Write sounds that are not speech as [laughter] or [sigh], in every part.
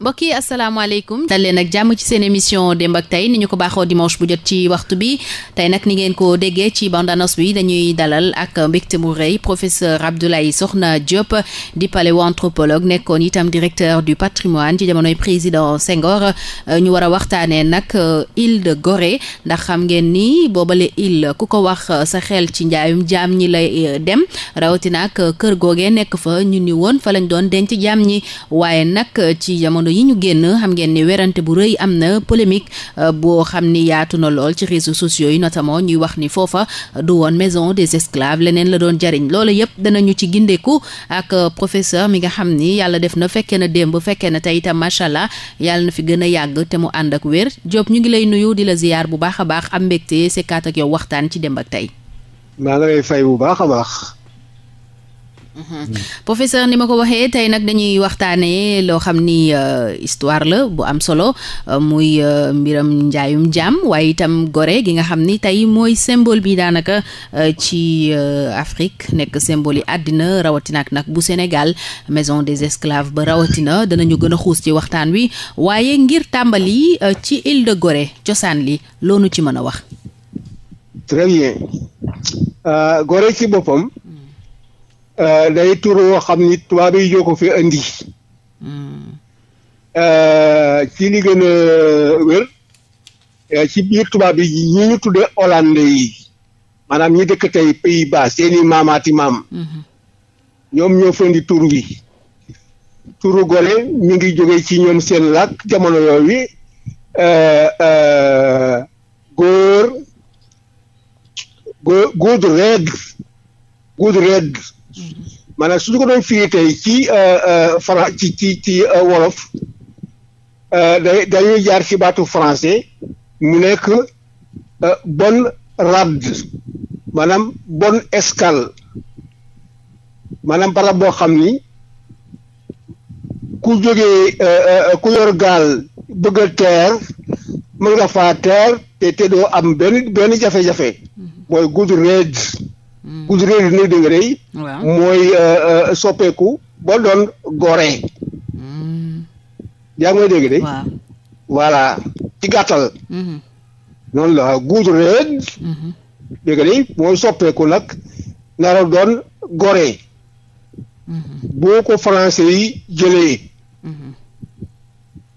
mbokk yi asalaamaaleykum dal leen ak jàmm ci seen émission démb ak tey ni ñu ko baaxoo dimanche bu jot ci waxtu bi tey nag ni ngeen ko déggee ci bande annonce bi dañuy dalal ak mbégte mu rëy professeur Abdoulaye Sokhna Diop di paléoanthropologue nekkoon itam directeur du patrimoine ci jamonoy président Senghor euh, ñu war a waxtaanee nag euh, île de Gorée ndax xam ngeen ni boobale île ku ko wax euh, sa xel ci njaayum jaam ñi lay dem rawatina ak kër googee nekk fa ñu ni woon fa lañ doon denc jaam ñi waaye nag ci jamono jamono yi ñu génn xam ngeen ni werante bu rëy am na polémique euh, boo xam ni yaatu na lool ci réseaux sociaux yi notamment ñuy wax ni foofa du woon maison des esclaves leneen la doon jariñ lool yëpp danañu ci gindeeku ak euh, professeur mi nga xam ni yàlla def na fekkee na démb fekkee na tey itam macha allah yàlla na fi gën a yàgg te mu ànd ak wér Diop ñu ngi lay nuyu di la ziyaar bu baax a baax am mbégte sekkaat ak yow waxtaan ci démb ak tey. maa ngi lay fay bu baax Mm-hmm. professeur ni ma ko waxee tey nag dañuy waxtaanee loo xam ni euh, histoire la bu am solo euh, muy euh, mbiram njaayum jaam waaye itam gore gi nga xam ni tey mooy symbole bi daanaka ci Afrique nekk symbole yi àddina rawatina ak nag bu Sénégal maison des esclaves ba rawatina danañu gën a xuus ci waxtaan wi waaye ngir tàmbali ci île de gore cosaan li loonu ci mën a wax. Euh, day tur woo xam ni tubaab yi ñoo ko fi indi. Hmm. Euh, ci li gën a wér euh, ci biir tubaab yi ñi ñu tuddee hollandais yi maanaam ñi dëkk tey Pays-Bas seeni maamaati maam. Hmm. ñoom ñoo fa indi tur wi. turu gole mi ngi jóge ci ñoom seen lakk jamono yooyu góor góor góor red góor red. Mm-hmm. maanaam su ñu ko doon firi tey ci euh, euh, fran ci ci ci euh, wolof day dañuy jaar ci baatu français mu nekk bon rade maanaam bon escale maanaam barab boo xam ni ku jógee ku gaal bëgg a teer mën nga faa teer te te doo am benn benn jafe-jafe mm-hmm. mooy good rade ku réer dina dégg rëy. mooy euh, euh, soppeeku ba doon goree. Mm. yaa ngi may dégg de. voilà ci gàttal. Mm-hmm. noonu la guutu réer. Mm-hmm. dégg mooy soppeeku nag nara doon goree. Mm-hmm. boo ko français yi jëlee.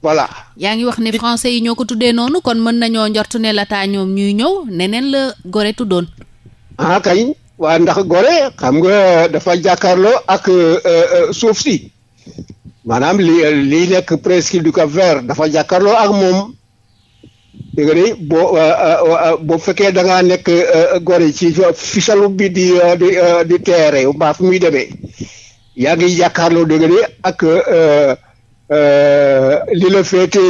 voilà. yaa ngi wax ne français yi ñoo ko tuddee noonu kon mën nañoo njort ne lataa ñoom ñuy ñëw neneen la gore tuddoon. ah kañ waa ndax gore xam nga dafa jàkkaarloo ak euh, euh, suuf si maanaam li lii nekk presqu'île du Cap-Vert dafa jàkkaarloo ak moom dégg nga boo euh, boo fekkee da ngaa nekk Gorée ci fisalu bi di di di teere mbaa fu muy demee yaa ngi jàkkaarloo dégg nga ak li la féete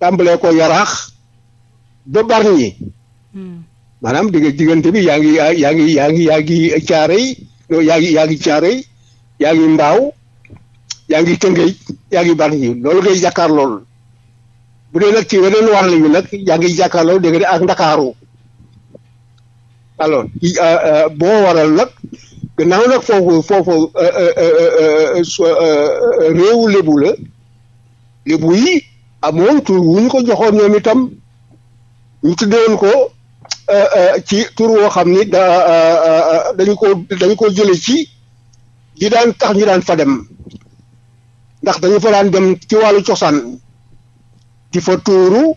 tàmbalee ko yaraax ba Bargny maanaam digg diggante bi yaa ngi yaa ngi yaa ngi yaa ngi caaray yaa ngi yaa ngi caaray yaa ngi mbaaw yaa ngi tëngëj yaa ngi bari yi loolu ngay jàkkaar lool bu dee nag ci weneen wàll bi nag yaa ngi jàkkaarloo dégg nga ak ndakaaru alors boo waral nag gannaaw nag foofu foofu réewu lébu la lébu yi amoon tur wu ko joxoon ñoom itam ñu tuddoon ko Euh, euh, ci tur woo xam ni da euh, dañu ko dañu ko jële ci di daan tax ñu daan fa dem ndax dañu fa daan dem ci wàllu cosaan di fa tuuru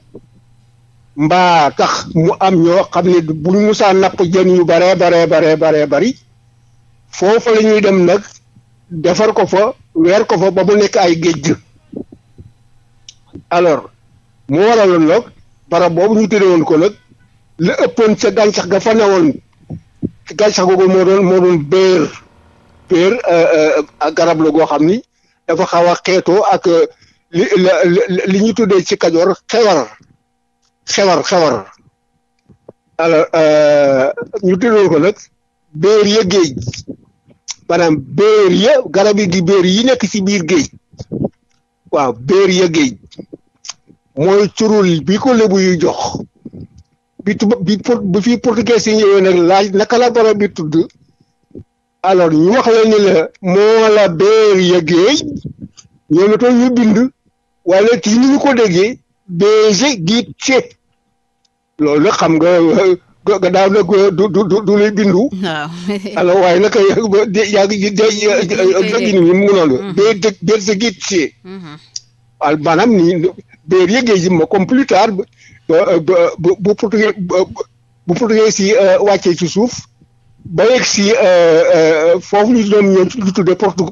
mbaa tax mu am ñoo xam ne bu ñu musaa napp jën yu bare bare bare bari foofa lañuy dem nag defar ko fa weer ko fa ba mu nekk ay géej alors mu waraloon nag barab boobu ñu tëddewoon ko nag la ëppoon ca gàncax ga fa newoon gàncax googu moo doon moo doon béer béer euh, euh, ak garab la goo xam ni dafa xaw a xeetoo ak euh, li li ñuy tuddee ci kajoor xewar xewar xewar alors ñu tuddee ko nag béer ya géej maanaam béer ya garab yi di yi nekk ci biir géej waaw béer ya géej mooy curul bi ko lébu yu jox bi tubaab bi pour bu fii portugais yi ñëwee nag laaj naka la borom bi tudd alors ñu wax la ni la moo la beer ya géej ñoometoon ñu bind wala ci ni ñu ko déggee bége gi ce loolu nag xam nga ga daaw nag du du bindu alors waaye nag yaa ngi ji de gini mi mu ngi noonu béer gi ce maanaam nii beer yëggee ji ma comme plus tard bu bu portugais bu portugais si euh, wàccee ci suuf ba si euh, euh, foofu ñu doon ñëw lu tuddee portu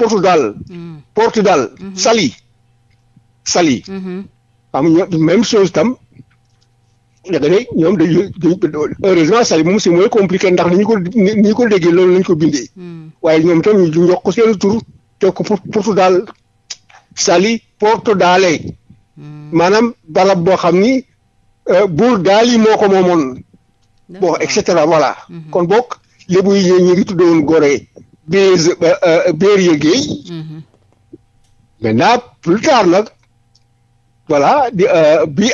Portugal. Mm. Portugal. Mm-hmm. Sali. Sali. xam mm-hmm. nga même chose tam. da nga ne ñoom dañuy heureusement Sali moom si mooy compliqué ndax ni ñu ko ni ko déggee loolu lañ ko bindee. Mm. waaye ñoom tam ñu jox ko seen tur jox ko Portugal. c'est-à-dire porte daale hmm. maanaam barab boo xam ni euh, buur daal yi moo ko moomoon bon et cetera voilà hmm. kon bokk lébu yi ñu ngi tuddoon Gorée Béz euh, Béria Guèye hmm. maintenant plus tard nag voilà di euh, bi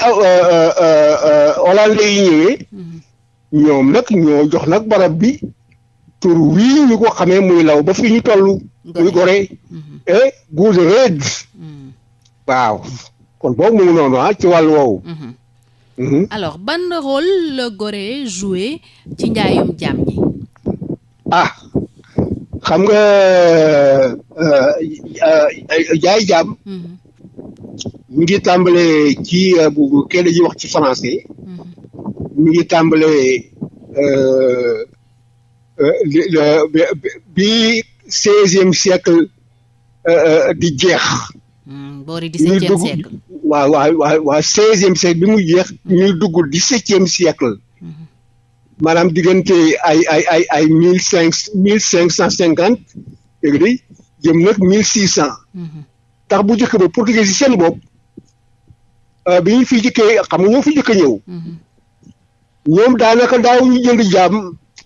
hollandais yi ñëwee ñoom nag ñoo jox nag barab bi tur wii ñu ko xamee muy law ba fi ñu toll muy Gorée et eh, Goose Reds. Hmm. waaw kon boobu mu ngi noonu ah ci wàllu woowu. Mhm. Mhm. alors ban rôle la Gorée joué ci njaayum jaam ñi. ah xam nga jaay euh, euh, jaam. Mhm. mi ngi tàmbalee ci euh, kenn ji wax ci français. ngi tàmbalee bi seizième siècle Euh, di jeex. Hmm, boori dix-septième waa ñuy dugg bi mu jeex hmm. ñuy dugg dix-septième siècle hmm. maanaam diggante ay ay ay ay mille cinq mille cinq cent cinquante dégg jëm nag mille six cent. tax bu njëkk ba portugais yi seen bopp euh, bi ñu fi jëkkee xam nga ñoo fi jëkk a ñëw. ñoom daanaka daawuñu jënd jaam.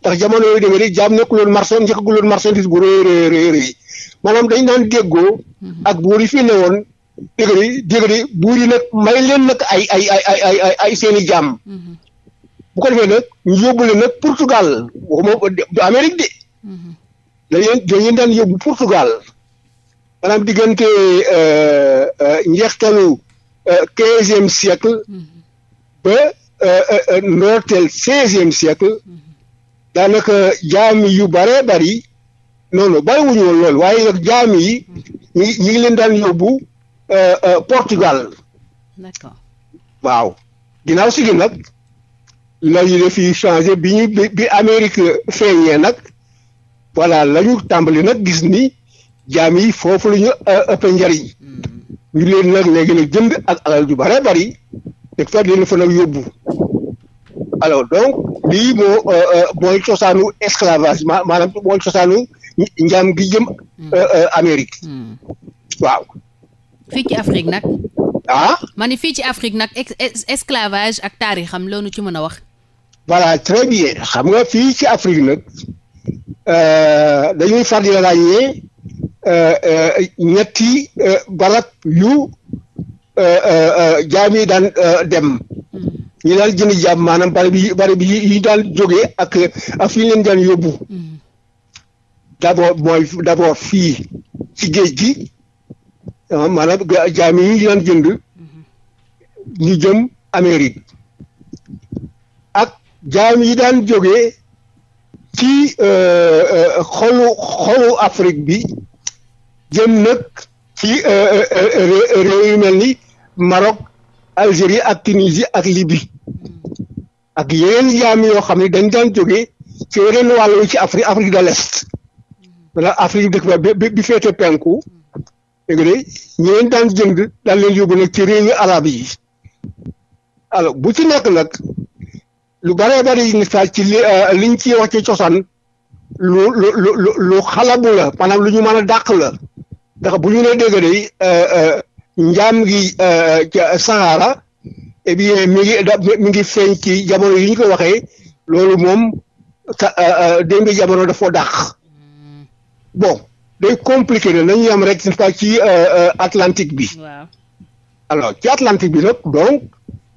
ndax jamono yooyu da nga di jaam nekkuloon marchand njëkkaguloon marchandise bu rëy rëy rëy rëy maanaam dañ daan déggoo mhm. ak buur fi ne woon nga di dégg nga di buur yi nag may leen nag ay ay ay ay ay ay seen i jaam mhm. bu ko defee nag ñu yóbbu de mhm. dañuy daan yóbbu Portugal maanaam diggante euh, euh, njeextalu euh, quinzième siècle ba ndoorteel seizième siècle daanaka jaam yu bare bari noonu bari lool waaye nag jaam yi ñu ñu ngi leen daan yóbbu euh, euh, Portugal. d'accord waaw ginnaaw si gi nag la ñu def yi changé bi ñu bi Amérique feeñee nag voilà lañu tàmbali nag gis ni jaam yi foofu la ñu euh, ëpp njariñ mm. ñu leen nag léegi nag jënd ak alal ju bare bari te fa leen fa nag yóbbu. alo donc bii moo euh, euh, mooy cosaanu esclavage maanaam mooy cosaanu njaam gi jëm hmm. euh, Amérique hmm. waaw fii ci Afrique nag ah ma fii ci Afrique nag esclavage ak taarixam nu ci mën a wax voilà très bien xam nga fii ci Afrique nag dañuy far di ràññee ñetti barab yu jaam yi daan dem hmm. ñu daal jënd jàmm maanaam barab yi barab yi yi daal jógee ak ak fi ñu leen daan yóbbu mm-hmm. d'abord mooy fii ci géej gi ah, maanaam jaam yi ñu daan jënd mm-hmm. ñu jëm Amérique ak jaam yi daan jóge ci euh, euh, xolu xolu bi jën nag ci euh, réew yu mel ni Maroc Algérie ak Tunisie ak libi ak yeneen jaam yoo xam ne dañ daan jóge ci yeneen wàll yi ci Afrique Afrique de l'Est maanaam Afrique dëkk ba bi bi penku dégg daan jënd daan leen yóbbu nag ci réewi arab yi alors bu ci nekk nag lu bëree bëri ni saa ci li euh, liñ ci wax ci cosaan lu lu lu lu xalabu la maanaam lu ñu mën a dàq la ndax bu ñu nee dégg nga de euh, euh, njaam gi ca Sahara. eh bien mi ngi mi ngi feeñ ci jamono yi ñu ko waxee loolu moom ta euh, euh, jamono dafoo dàq bon day compliqué na nañu am rek ci euh, Atlantique bi. alors ci Atlantique bi nag donc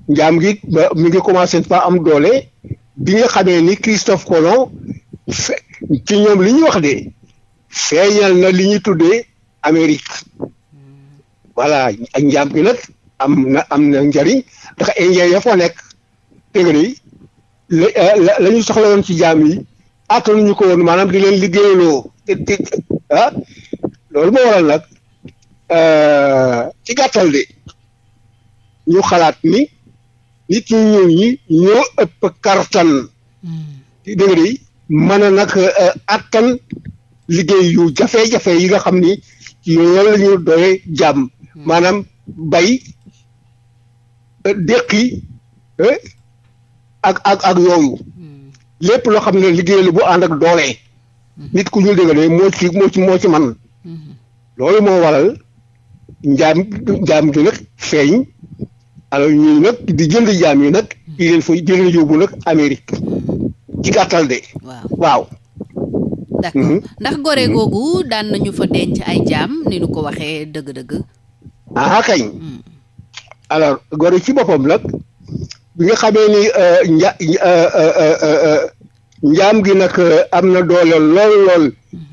njaam gi mi ngi commencé n'est-ce am doole bi nga xamee ni Christophe Colomb fe ci ñoom li ñuy wax de feeñal na li ñuy tuddee Amérique hmm. voilà ak njaam gi nag am na am na njariñ. ndax indien ya fa nekk dégg lañu la euh, woon ci jaam yi attanuñu ko woon maanaam di leen liggéeyaloo ah, loolu moo waral nag euh, ci gàttal de ñu xalaat ni nit ñu ñëw ñi ñoo ëpp kartan dégg hmm. nga nag attan euh, liggéey yu jafe-jafe yi nga xam ni loolu la doye jàmm maanaam bay déqi eh, ak ak ak yooyu hmm. lépp loo xam ne liggéey bu ànd ak doole hmm. nit ku ñu dégg ne moo ci moo ci man hmm. loolu moo waral njaam njaam gi nag feeñ alors ñuy nag di jënd jaam yi nag di leen fa di leen yóbbu nag Amérique ci gàttal de waaw d'accord ndax gore googu daan nañu fa denc ay jaam ni nu ko waxee dëgg-dëgg ah kañ alors gor ci boppam nag bi nga xamee ni euh, nja euh, euh, njaam gi nag am na doole lool lool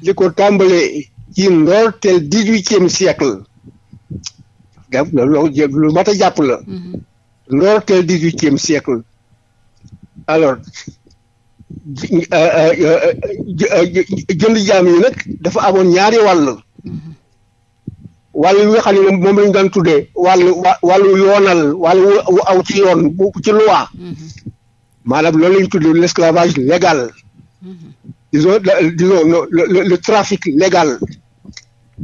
li ko tàmbalee ci ndoorteel dix-huitième siècle daf loolu lu mat a jàpp la mm-hmm. ndoorteel dix-huitième siècle alors jënd jaam yi nag dafa amoon ñaari wàll mm-hmm. wàllu yi nga xam ne moom lañu daan tuddee wàllu wàllu yoonal wàllu aw ci yoon bu ci loi mm-hmm. maanaam loolu lañu tuddee l'esclavage légal mm-hmm. disons le trafic légal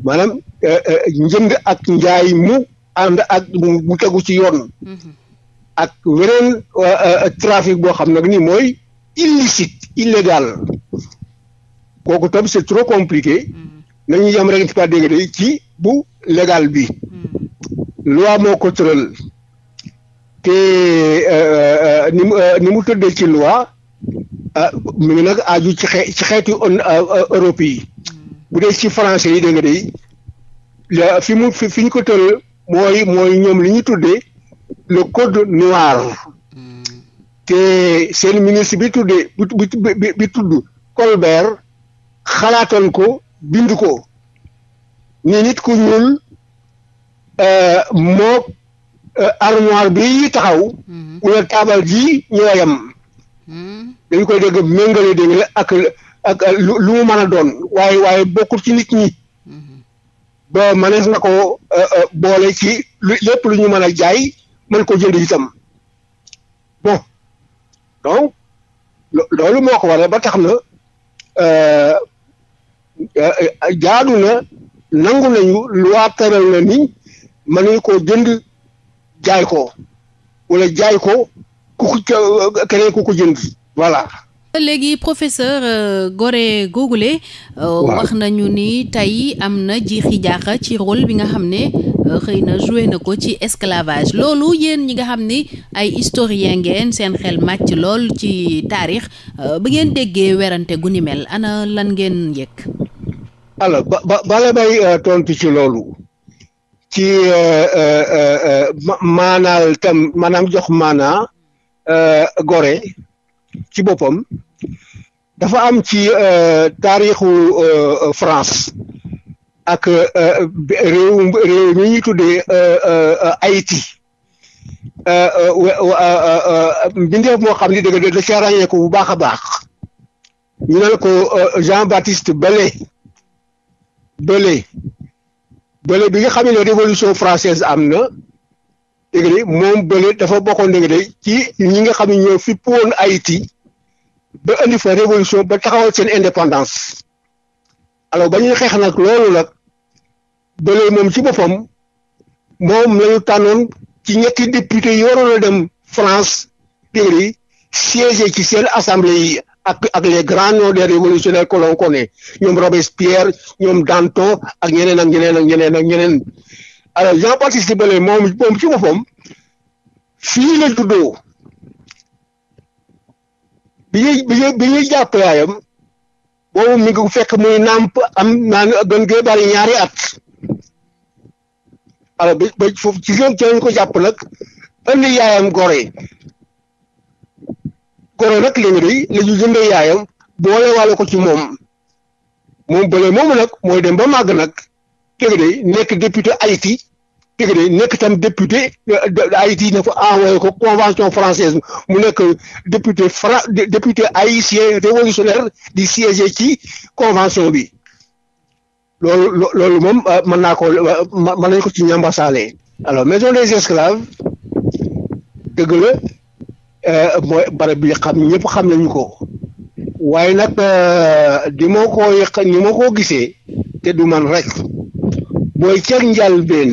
maanaam euh, euh, njënd ak njaay mu ànd ak mu tegu ci yoon mm-hmm. ak weneen euh, trafic boo xam nag ni mooy illicite illégal kooku tam c'est trop compliqué nañu yem rek ci kàddu ci bu légal bi loi moo ko tëral te euh, euh, ni mu euh, ni tëddee ci loi mu ngi nag aju ci xeetu Europe yi bu dee ci français yi dégg nga fi mu fi ñu ko tëral mooy mooy ñoom li ñu tuddee le code noir te seen ministre bi tuddee bi bi bi tudd Colbert xalaatoon ko. bind ko ne nit ku ñuul euh, moo euh, armoire bi taxaw wala mhm. taabal ji ñoo yem mhm. dañ koy dégg méngale dégg ak ak lu mu mën a doon waaye waaye bokkul ci nit ñi mhm. ba mënees na ko euh, boole ci lépp lu ñu mën a jaay mën ko jënd tam bon donc loolu moo ko waral ba tax na jaadu na nangu nañu loi tëral na ni mën nañu koo jënd jaay ko wala jaay ko ku ko keneen ku ko jënd voilà. léegi professeur euh, Goré Gougoulé euh, wax nañu ni tey am na jiixi jaaxa ci rôle bi nga xam ne euh, xëy na joué na ko ci esclavage loolu yéen ñi nga xam ni ay historien ngeen seen xel màcc lool ci taarix ba ngeen déggee werante gu ni mel ana lan ngeen yëg alors ba ba tontu ci loolu ci maanaal tam maanaam jox maanaa Goré ci boppam dafa am ci euh, taarixu euh, France ak euh, réew réew mi ñuy tuddee Haïti mbindeef moo xam ni dëgg da ca ràññeeku bu baax a baax ñu naan ko Jean-Baptiste Belley Belley bi nga xam ne révolution francaise am na dégg moom bële dafa bokkoon dégg nga ci ñi nga xam ne ñoo fippu woon ba indi fa révolution ba taxawal seen indépendance alors ba ñuy xeex nag loolu nag bële moom ci boppam moom la ñu tànnoon ci ñetti député yi waroon dem France dégg nga siégé ci seen assemblée yi ak ak les grands noms des révolutionnaires que ñoom Robespierre ñoom Danton ak ak ñeneen ak ñeneen ak ñeneen. alors Jean Baptiste Dibalé moom moom ci boppam fii la juddoo bi ñuy bi ñuy bi yaayam boobu mi ngi fekk muy nàmp am naan gën gee bari ñaari at alors bi ba foofu ci ñoom ci ko jàpp nag indi yaayam gore gore nag léegi day la ñu jëndee yaayam boole wàllu ko ci moom moom bële moomu nag mooy dem ba màgg nag. dégg day nekk député Haïti dégg day nekk tam député euh, Haïti ne ko envoyé ko convention française mu nekk député fra député haïtien révolutionnaire di siéger ci convention bi loolu loolu moom euh, mën naa ko euh, mën nañu ko ci ñambasaale alors maison des esclaves dëgg la mooy barab bi xam ñëpp xam nañu ko waaye nag di euh, ma ko ni ma ko gisee te du man rek booy ca njëlbéen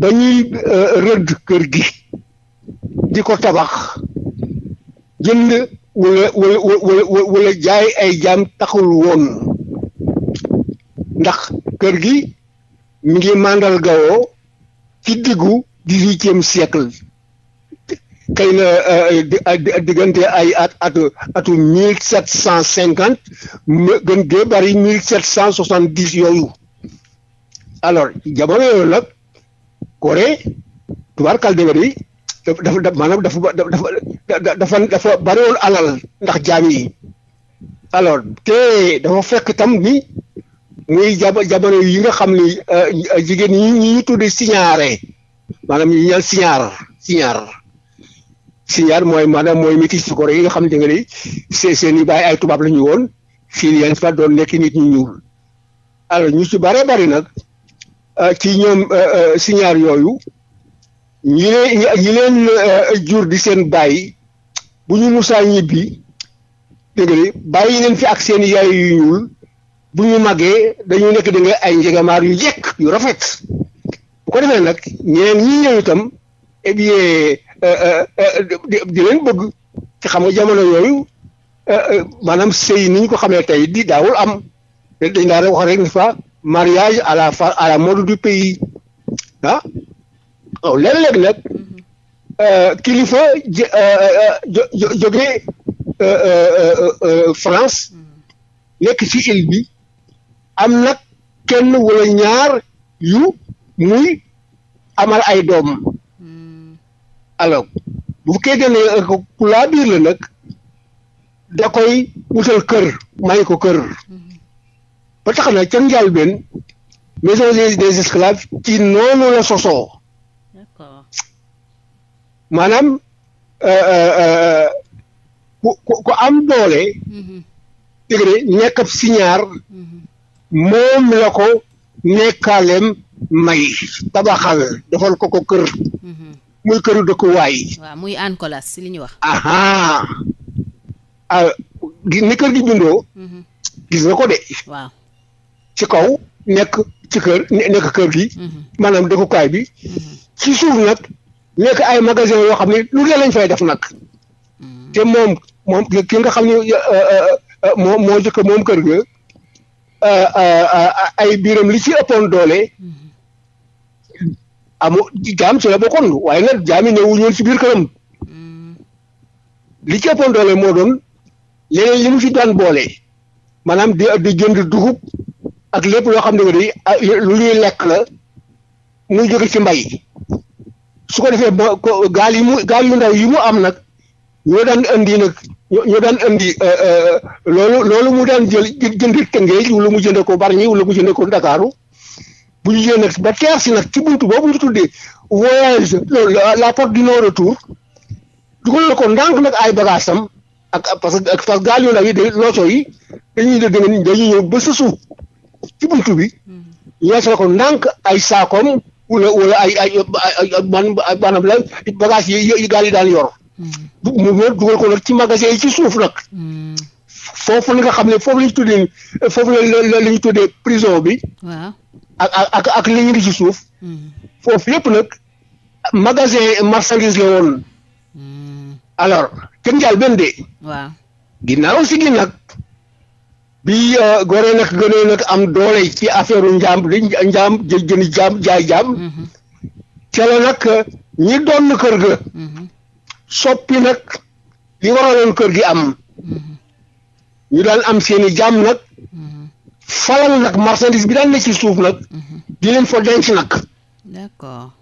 ba ñuy euh, rëdd kër gi di ko tabax jënd wala wala wala wala jaay ay jaam taxul woon ndax kër gi mi ngi màndargawoo ci diggu dix-huitième siècle xëy na euh, diggante ay at at atu mille sept cent cinquante gën gee bari mille sept cent soixante dix yooyu alors jamono yooyu nag Corée tubaarkal débéri daf dafa maanaam dafa dafa dafa alal ndax jaam yi alors te dafa fekk tam ni muy jamono yi nga xam ni euh, jigéen ñi ñi ñu tudde signaare maanaam ñu ñaan signaar signaar signal mooy maanaam mooy métis ci gore yi nga xamante ne ni seen seen i baay ay tubaab lañu woon fii yan fa doon nekk nit ñu ñuul alors ñu ci bare bari nag euh, ci ñoom euh, euh, signal yooyu ñi leen ñi jur di seen baay bu ñu musaa ñibbi dégg nga bàyyi leen fi ak seen yaay yu ñuul bu ñu màggee dañu nekk da ay njegamaar yu jekk yu rafet bu ko defee nag ñeneen ñi ñëw itam eh Euh, euh, euh, di leen bëgg te xam nga jamono yooyu maanaam sëy niñ ko xamee tey di daawul am dañ daa wax rek ni fa mariage à la fa à la mode du pays ah waaw léeg-léeg nag mm-hmm. kilifa jógee France mm-hmm. nekk ci île bi am nag kenn wala ñaar yu muy amal ay doom alors bu fekkee ne ku laa biir la nag da koy wutal kër may ko kër mhm. ba tax na ca njëlbéen maison des esclaves ci noonu la sosoo maanaam euh, euh, euh, ku ku am doole mhm. dégg nga nekk ab mhm. moom la ko nekkaalem may tabaxal defal ko ko kër muy këru dëkkuwaay yi. waaw muy Ancolas si li ñu wax. ah ni kër gi bindoo. Mhm. gis nga ko de. waaw ci kaw nekk ci kër nekk kër gi. Mhm. maanaam dëkkukaay bi. Mhm. ci suuf nag nekk ay magasin yoo xam ne lu dee lañ fay def nag. te moom moom ki nga xam ne euh, euh, euh, moo moo jëkk moom kër ga ay biiram li ci ëppoon doole. amoo jaam ci la bokkoon waaye nag jaam yi ñëwuñu si biir këram mm. li ci ëppoon moo doon leneen li mu fi daan boole maanaam di di jënd dugub ak lépp loo xam ne day ah, lu ñuy lekk la mu jóge ci mbay su ko defee ba gaal yi mu gaal yu ndaw yi mu am nag ñoo daan indi nag ñoo daan indi eh, eh, loolu loolu mu daan jël jënd Tëngéej wala mu jënd ko Bargny wala mu jënd ko Ndakaaru bu ñu jiyee nag ba teer si nag ci buntu boobu ñu tuddee voyage la porte du non retour dugal ko ndànk nag ay bagages am ak parce que parce que gaal yu ndaw yi day looco yi dañuy dégg ñëw ba sa suuf ci buntu bi ñeesal hmm. ko ndànk ay saakoom wala wala ay ay man maanaam la bagages yi yi gaal yi daan yor. Hmm. mu dugal ko nag ci magasin yi ci suuf nag. Hmm. foofu la nga xam ne foofu la ñu tuddee foofu la la la tuddee prison bi. ak ak ak li suuf mm-hmm. foofu yëpp nag magasin marchandise la woon mm-hmm. alors ca njaal benn de waaw si gi nag bi euh, gore nag gënee nag am doole ci affaire njaam di njaam jë jëni jaam jaay jaam mm-hmm. ca la nag ñi doon kër ga soppi nag li waraloon kër gi am ñu daan am seeni jaam nag fawal nag marchandise bi daan ne ci suuf nag mhm. di leen fa denc nag. d'accord.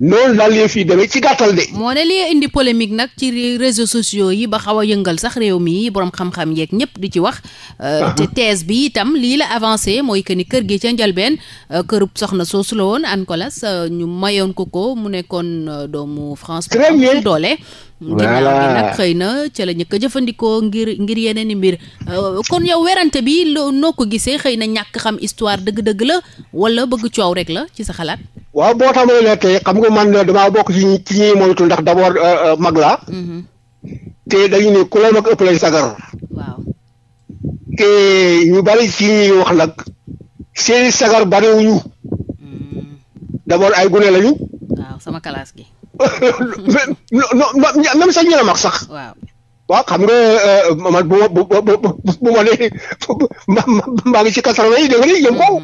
noonu daal lee fii demee ci gàttal de. moo ne li indi polémique nag ci réseaux sociaux yi ba xaw a yëngal sax réew mi boroom xam-xam yeeg ñëpp di ci wax. Euh, te thèse bi itam lii la avancé mooy que ni kër gi ca njalbeen euh, kërub soxna soosu la woon Ancolas euh, ñu mayoon ko ko mu nekkoon doomu France. très bien doole nag xëy na ca la ñu a jëfandikoo ngir ngir yeneen i mbir euh, kon yow werante bi loo noo ko gisee xëy na ñàkk xam histoire dëgg-dëgg la wala bëgg coow rek la ci sa xalaat waaw boo tamay la tey xam nga man damaa bokk ci ci ndax d'abord euh, euh, mag la mm-hmm. la mag ëpp lay sagar waaw mm. ay gune lañu waaw sama classe gi Euh, même sax ñu la mag sax. waaw waaw xam nga euh, man bu ma bu bu ma nee maa ngi ci quatre-vingt yi nga ni jëm kaw.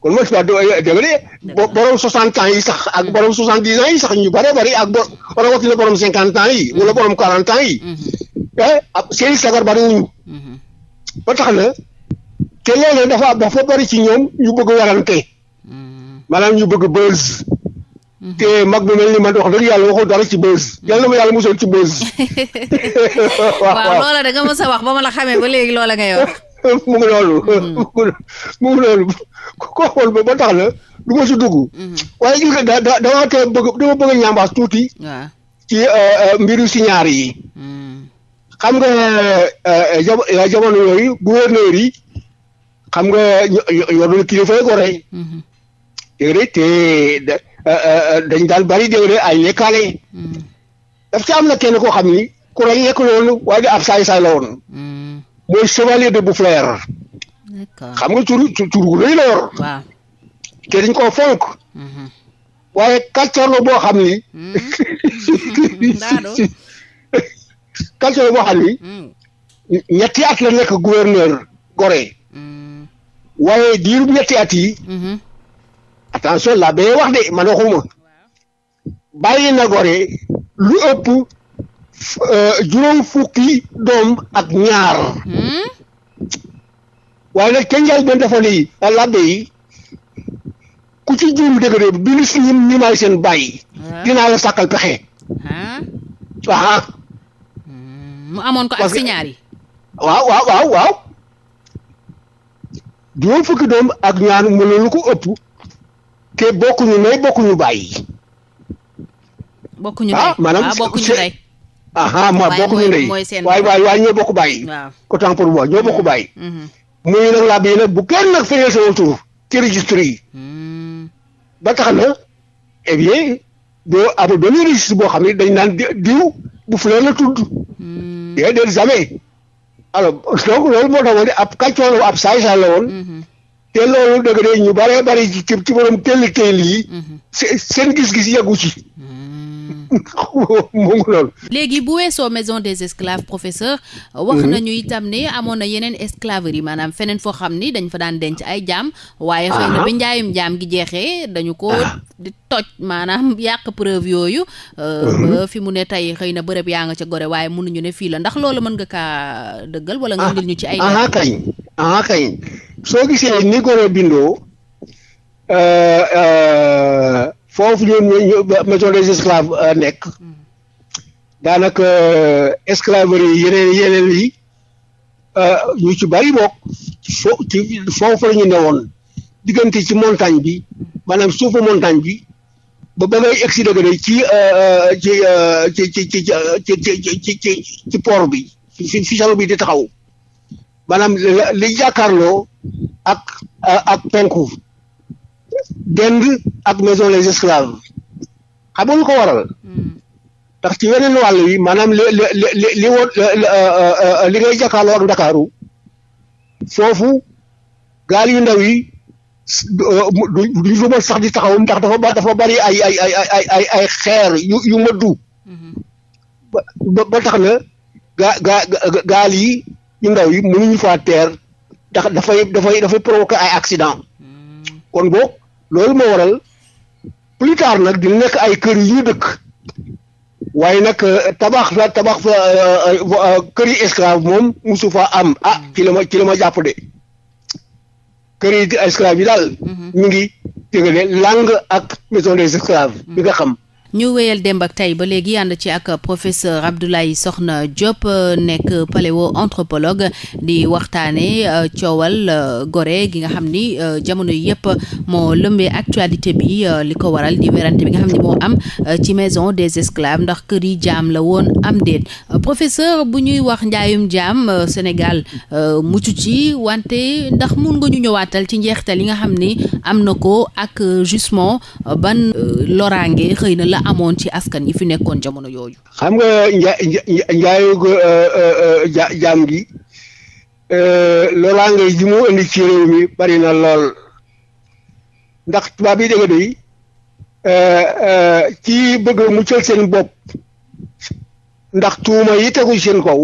kon mooy tubaab euh, dégg nga ni borom soixante ans sax ak borom soixante dix ans yi sax ñu bare bari ak rawatina borom cinquante ans yi. wala borom quarante ans yi. ah sagar bari wuñu. Mm-hmm. ba tax na te loolu dafa dafa bari ci ñoom ñu bëgg warante. Mm-hmm. maanaam ñu bëgg buzz. te mag bi mel ni man wax dëgg yàlla waxul dara ci bës. yàlla na ma yàlla mosoon ci bës. [laughs] waaw waaw loola da nga a wax ba ma la xamee ba léegi loola ngay wax. [laughs] mu ngi loolu. Mm-hmm. [laughs] mu ngi loolu koo xool ba ba tax du ma si dugg. Mm-hmm. waaye gis nga da da damaa tee bëgg dama bëgg a ñaambaas tuuti. waaw ci euh, euh, mbiru signal yi. Mm-hmm. nga euh, jamono yooyu gouverneur yi xam nga yor na kilifa gore. nga Euh, euh, euh, dañ daan bari déwle ay nekkaale hmm. daf ci am na kenn koo xam ni ku ràññeek loolu waaye di ab saay-saay la woon hmm. mooy chevalier de Boufflers xam nga tur tur gu rëy la yor te koo fonk hmm. waaye kàccoor la boo xam ni [laughs] ñetti at la nekk gouverneur Gorée waaye diirub ñetti at yi attention la bee wax de man waxuma bàyyi na gore lu ëpp euh, juróom fukki doom ak ñaar hmm? waaye nag ca njëlbeen dafa ne labbe yi ku ci juum dëgg de bi lu si ñim ñi seen bàyyi dinaa la sàkkal pexe hmm. mu amoon ko ak si ñaar yi waaw waaw waaw juróom fukki doom ak ñaar mu ne lu ko ëpp ke ñu nay bokkuñu bàyyi. bokkuñu ah maanaam ah, bokkuñu ndey. aha ah, ma bokkuñu ndey waaye waaye waaye ñoo bokk bàyyi. waaw autant pour ñoo bokk mm-hmm. bàyyi. Mm-hmm. muy nag laa bii nag bu kenn nag feeñal sama tur ci registre yi. Mm. ba tax na eh bien doo amul benn boo xam ne dañ naan diw bu fuleen la tudd. Mm. déedéet jamais alors donc loolu moo tax woon ab kàccoon la ab saay saay la te loolu dëgg de ñu bëree bëri ci ci borom teel teel yi. Mhm. seen gis-gis yeggu mu léegi bu weesoo maison des esclaves professeur. wax mhm. nañu itam ni amoon na yeneen esclaverie maanaam feneen foo xam ni dañ fa daan denc ay jaam. waaye xëy na bi njaayum jaam gi jeexee dañu ko di toj maanaam [laughs] yàq preuve yooyu. Euh, mhm. ba fi mu ne tey xëy na bërëb yaa nga ca gore waaye mënuñu ne fii la ndax loolu mën nga kaa dëggal. wala nga ah. indil ñu ci ay. ah kañ ah soo gisee ni gore bindoo. Euh, euh, foofu ñoom ñoo maison des esclaves euh, nekk daanaka euh, esclaverie yeneen yeneen yi euh, ñu ci bari bokk fo ci foofu la ñu newoon diggante ci montagne bi maanaam suufu montagne bi ba ba ngay egsi dëgg de ci ci ci ci ci ci ci port bi fi fi chaloupe bi di taxaw maanaam li jàkkaarloo ak ak penku. dend ak maison les esclaves xam nga ko waral hmm. ndax ci weneen wàll yi maanaam li li li li woon euh, euh, euh, li ngay jàkkaarloo ak ndakaaru foofu gaal yu ndaw yi duñ du ma sax di taxaw ndax dafa dafa bari ay ay ay ay ay ay xeer yu yu mëddu hmm. ba ba tax na gaa gaal yi yu ndaw yi mënuñu faa teer ndax dafay dafay dafay ay accident hmm. kon boo loolu moo waral plus tard nag dina nekk ay kër yu dëkk waaye nag euh, tabax fa tabax fa euh, euh, kër yi esclave moom musu fa am ah mm. ci la ci la ma jàpp de kër yi esclave yi daal. Mm-hmm. ñu ngi jëgale langue ak maison des esclaves mi nga mm-hmm. xam. ñu weyal démb ak tey ba léegi ànd ci ak professeur Abdoulaye Sokhna Diop euh, nekk paléo anthropologue di waxtaane euh, coowal euh, gore gi nga xam ni jamono yi yëpp moo lëmbee actualité bi li ko waral di werante bi nga xam ni moo am ci maison des esclaves ndax kër yi jaam la woon am déet professeur bu ñuy wax njaayum jaam Sénégal mucc ci wante ndax mun nga ñu ñëwaatal ci njeextal yi nga xam ni am na ko ak justement ban loraange xëy na la amoon ci askan yi fi nekkoon jamono yooyu. xam nga nja njaayug uh, uh, uh, jaam gi loolaange ji mu indi ci réew mi bari na lool ndax tubaab yi dégg day ci bëgg muccal seen bopp ndax tuuma yi tegu seen kaw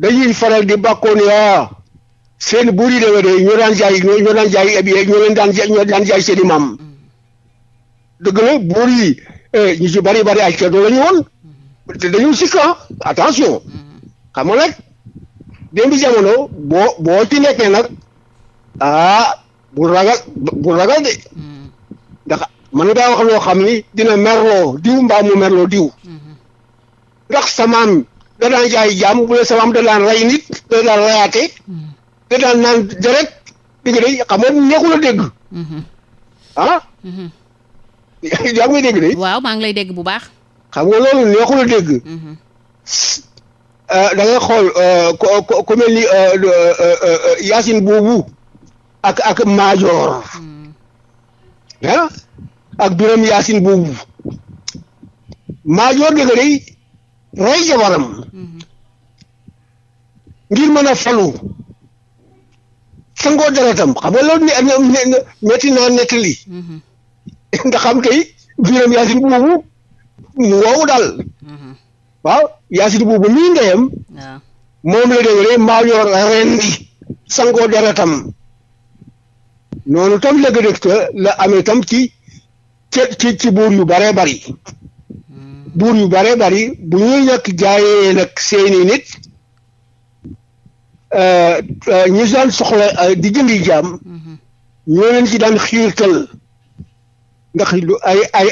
dañuy faral di bàkkoon yaa seen buur yi dégg day ñoo daan jaay ñoo daan jaay ñoo leen daan jaay ñoo daan jaay seen i maam. dëgg la buur yi eh, ñu ci bari bari ay ceddo la ñu woon mm-hmm. te dañu sikka ah, attention mm-hmm. xam nga nag démb jamono boo boo ci nekkee nag ah bul ragal bul ragal de mm-hmm. ndax mën na daa wax xam ni dina merloo diw mbaa mu merloo diw ndax samaam da jaay jaam bu samaam da daan nit da daan rayaate da naan deret di nga day xam nga neexul a dégg ah? [laughs] yaa dégg de. waaw maa ngi lay dégg bu baax. xam nga loolu neexul a dégg. Mhm. Euh, da ngay xool euh, ku ku mel ni euh, Yacine boobu ak ak Maajoor ah mhm. ak Biram Yacine boobu Maajoor dégg day rey jabaram mhm. ngir mën a falu sangoo deretam xam nga loolu ne metti naa nettali nga xam tey biiram yaasin boobu mu woowu daal mhm. waaw yaasin boobu mii ndeyam moom la dégle maajoor la ren bi sangoo deretam noonu tam la gëdëg la amee tam ci ci ci buur yu baree bari mhm. buur yu baree bari bu ñuy nag jaayee nag seeni nit euh, euh, ñu daan soxla euh, di jëndi jaam mhm. ñoo leen ci daan xiirtal ndax lu ay ay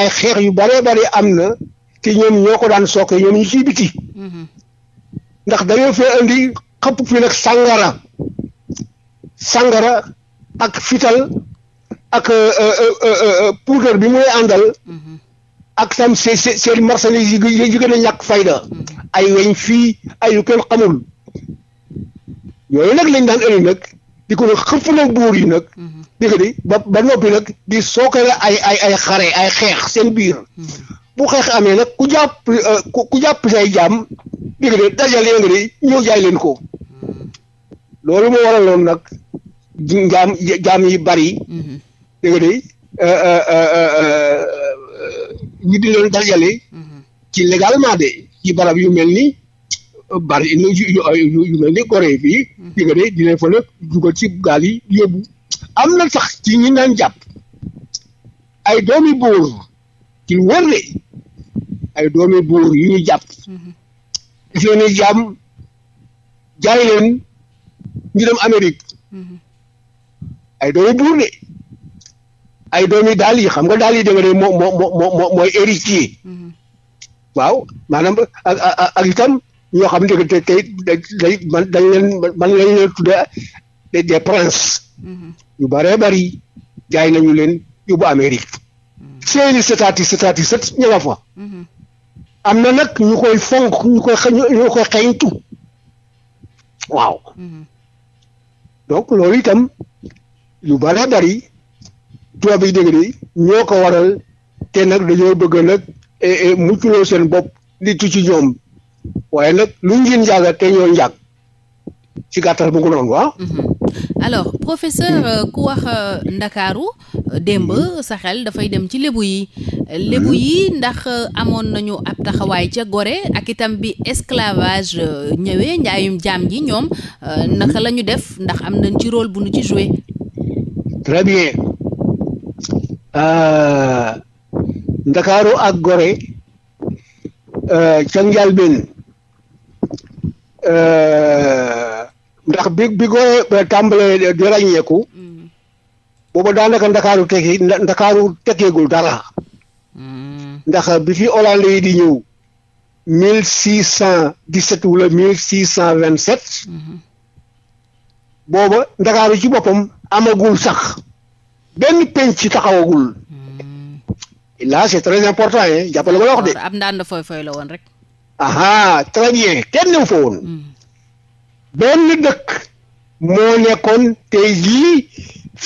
ay xeex yu bëree bëri am na te ñoom ñoo ko daan sooke ñoom ñu ciy biti mm-hmm. ndax dañoo fee indi xëpp fi nag sàngara sàngara ak fital ak euh, euh, euh, poudre bi muy àndal mm-hmm. ak sam see seen marchandise yi gën a ñàkk fayda mm-hmm. ay weñ fii ay yu kenn xamul yooyu nag lañ daan indi nag di ko xëpp nag buur yi nag dégg nga ba ba noppi nag di soo ay ay ay xare ay xeex seen biir bu xeex amee nag ku jàpp euh, ku jàpp say jaam dégg nga dajale di leen ko loolu moo waraloon nag jaam bari dégg euh, euh, di leen dajale ci légalement de ci barab yu mel ni bari yu mel ni Gorée fii dégg nga di leen fa nag ci gaal yi yóbbu am na sax ci ñi naan jàpp ay doomi buur ci wër de ay doomi buur yu ñu jàpp mhm. daf leen di jàmm jaay leen ñu dem Amérique mhm. ay doomi buur de ay doomi daal yi xam nga daal yi da nga ne moo moo moo moo mooy héritier mhm. waaw maanaam ak ak itam ñoo xam ne tey tey dañ leen man lañ leen tudde des yu bare bëri jaay nañu leen yóbbu Amérique hmm. seeni sëtaati sëtaati sët ña fa hmm. am na nag ñu koy fonk ñu koy ñu koy xeeñtu waaw hmm. donc loolu itam lu bëree bëri tubaab yi dégg ni ñoo ko waral te nag dañoo bëgg nag eh, eh, mucculoo seen bopp di tu ci ñoom waaye nag lu ngeen jàgga te ñoo njàgg ci gàttal mu ngi noonu waaw. Mm-hmm. alors professeur mm-hmm. euh, ku wax euh, ndakaaru euh, démb mm-hmm. sa xel dafay dem ci lébu yi. lébu yi ndax amoon nañu ab taxawaay ca gore ak itam bi esclavage ñëwe njaayum jaam gi ñoom naka def ndax am nañ ci rôle bu nu ci joué. ndakaaru ak Gorée ca njëlbéen Eh, ndax bi bi gooyee eh, tàmbalee di ràññeeku mm. booba daanaka ndakaaru tekki ndakaaru tekkeegul dara mm. ndax bi fi Hollandais yi di ñëw mille six cent dix sept wala mm-hmm. ndakaaru ci boppam amagul sax benn penc ci taxawagul mm. là c'est très important hein jàppale ma la wax de. ab ndànd fooy fooy la woon rek. aha très bien kenn fa woon hmm. benn dëkk moo nekkoon tey jii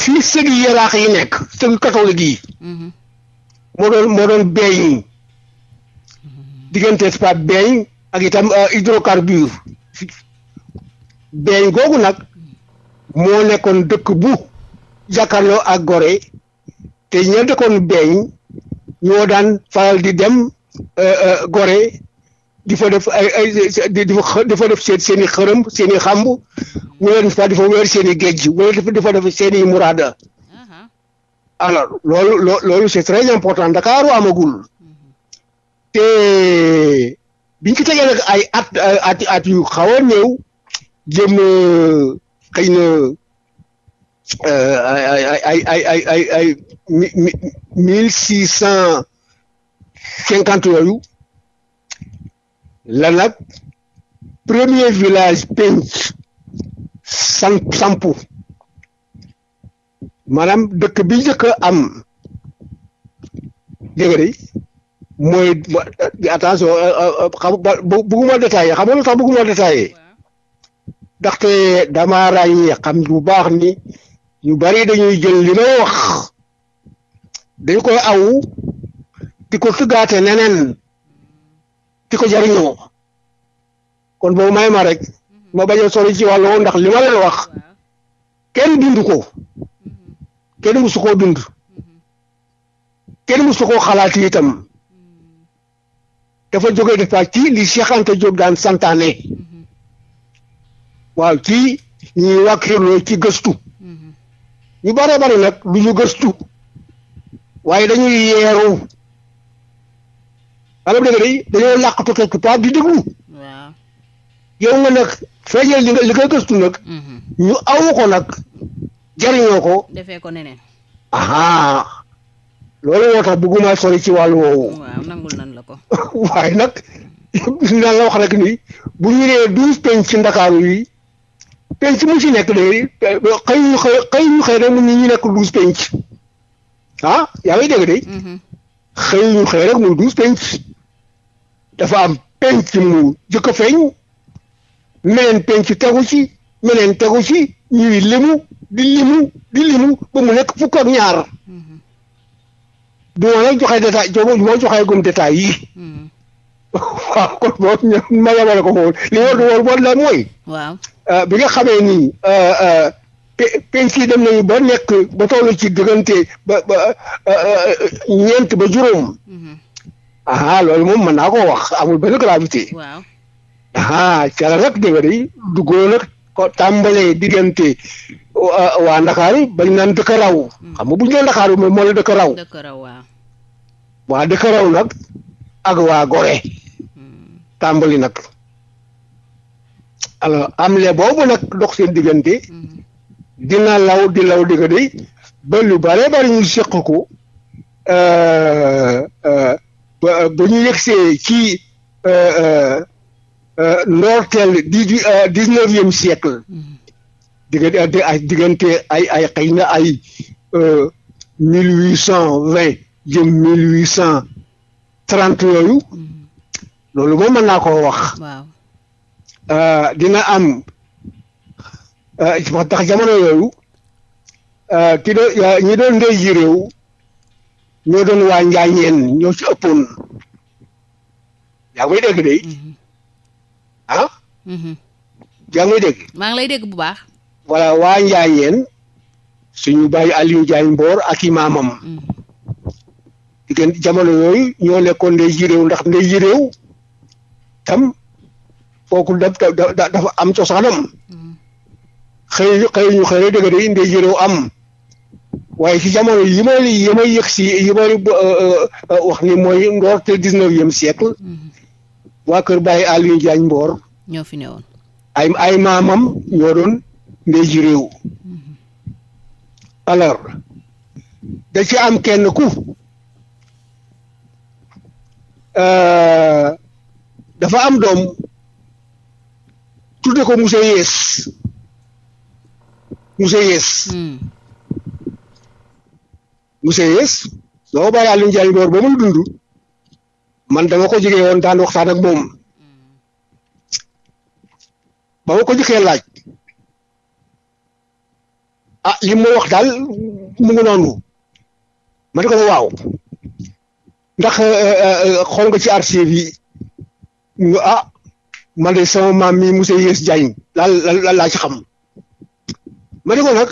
fii sëgi yaraax yi nekk sëgi catholique yi hmm. moo doon moo doon beeñ hmm. diggante pas beeñ ak itam euh, hydrocarbure beeñ googu nag moo nekkoon dëkk bu jàkkaarloo ak gore te ña dëkkoon beeñ ñoo daan faral di dem euh, euh, gore di fa def ay ay di fa di fa def seen seen i seen i xamb wala di fa weer seen i géej di fa def seen i muraada uh-huh. alors loolu loo loolu c'est très important Dakar amagul mm-hmm. te biñ ci tegee nag ay at at at yu xaw a néew jëm euh, xëy na euh, ay ay ay six cent cinquante yooyu. Lanak premier village penc samp sampu maanaam dëkk bi njëkk a am jëgëri mooy attention euh, euh, euh, xam bugguma détaillé xam nga lu tax bugguma détaillé ndaxte dama ràññee xam bu baax ni ñu bari dañuy jël li wax dañ koy aw di ko tëggaate neneen di ko jariñoo kon boobu may ma rek ma bañ a sori ci wàllu ndax li ma leen wax kenn dund ko kenn musu koo dund kenn musu koo xalaat yi itam dafa jógee dafa ci li Cheikh Anta Diop daan santaane waaw ci ñuy wàkkirloo ci gëstu ñu bare bare nag lu ñu gëstu waaye dañuy yeeru maanaam léegi day dañoo làqatu quelque part di déglu yow nga nag feeñal li nga li nga gëstu nag mhm. ñu aw ko nag jariñoo ko defee ko neneen aha loolu moo tax bëgguma sori ci wàllu woowu waaw nangul nan la ko [laughs] waaye nag [laughs] naan la wax rek ni bu ñu nee douze penc ci ndakaaru yi penc mu ci nekk de xëy ñu xëy xëy ñu xëy rek ñu nekk douze penc ah yaa ngi dégg de mhm. xëy ñu xëy rek muy douze dafa am penc mu jëkk a feeñ meneen penc tegu ci meneen tegu ci ñuy limu di limu di limu ba mu nekk fukk ak ñaar du ma nag joxe détail jo moo joxe gum détail yi mm-hmm. [laughs] waaw kon boo ñëw ma ko foofu li war du war war la mooy waaw euh, bi nga xamee nii euh, euh, penc yi dem nañu ba nekk ba toll ci diggante ba ba ñeent ba juróom mm-hmm. ah loolu moom mën naa ko wax amul benn gravité. waaw ah cala nag dégg nga nag ko tàmbalee diggante waa Ndakaaru bañ naan dëkk raw. Hmm. xam nga bu ñu nee Ndakaaru mooy la dëkk raw. waa dëkk raw nag ak waa Gorée. Hmm. tàmbali nag alors am le boobu nag dox seen diggante hmm. dina law di law di ko ba lu bare bari ñu seq ko. Euh, euh, ba euh, bu ñu yegsee ci euh, euh, ndoorteel dix dix-neuvième siècle diggante ay diggante ay ay xëy na ay mille huit cent vingt jëm mille huit cent trente yooyu loolu moom mën naa koo wax dina am wax tax jamono yooyu ki doon ñi doon ndey ji réew ñoo doon waa njaañeen ñoo ci ëppoon yaa ngi may dégg de mm-hmm. ah. Mm-hmm. yaa may dégg. maa ngi lay dégg bu baax. voilà waa njaañeen suñu bàyyi Aliou Diagne Mboor ak i maamam. Mm-hmm. diggante jamono yooyu ñoo nekkoon ndey ji réew ndax ndey ji réew tam kooku da dafa am cosaanam. xëy xëy ñu xëy na dëgg de ndey ji réew am. waaye ci jamono yi may yi yëg si yi may euh, euh, wax ni mooy ndoorte dix-neuvième siècle mm-hmm. waa kër Baye Aliou Diagne Mboor ñoo fi newoon ay ay maamam ñoo doon ndey ji réew mm-hmm. alors da ci am kenn ku euh, dafa am doom tudde ko Moussa Yées Moussa Yées mm. monsieur Yes dama bàyyi Aliou Ndiaye Ndoor ba muy dund man dama ko jege woon daan waxtaan ak moom ba ma ko jëkkee laaj ah li ma wax daal mu ngi noonu ma ne ko ne waaw ndax euh, euh, xool nga ci archive yi ah man de sama maam mi monsieur Yes Diagne laal la laa ci xam ma ne ko nag.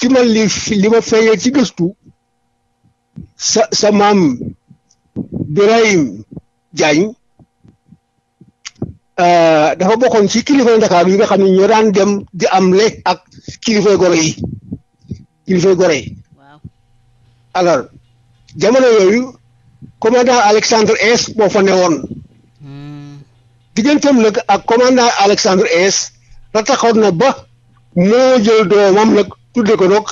ci man li li ma feeñee ci gëstu sa sa maam Birahim Diagne euh, dafa bokkoon ci kilifa Ndakaar yi nga xam ne ñoo daan dem di am le ak kilifa gore yi yi alors jamono yooyu commandant Alexandre S moo fa newoon hmm. digganteem nag ak commandant Alexandre S rataxoon na ba. moo jël doomam nag tudde ko nag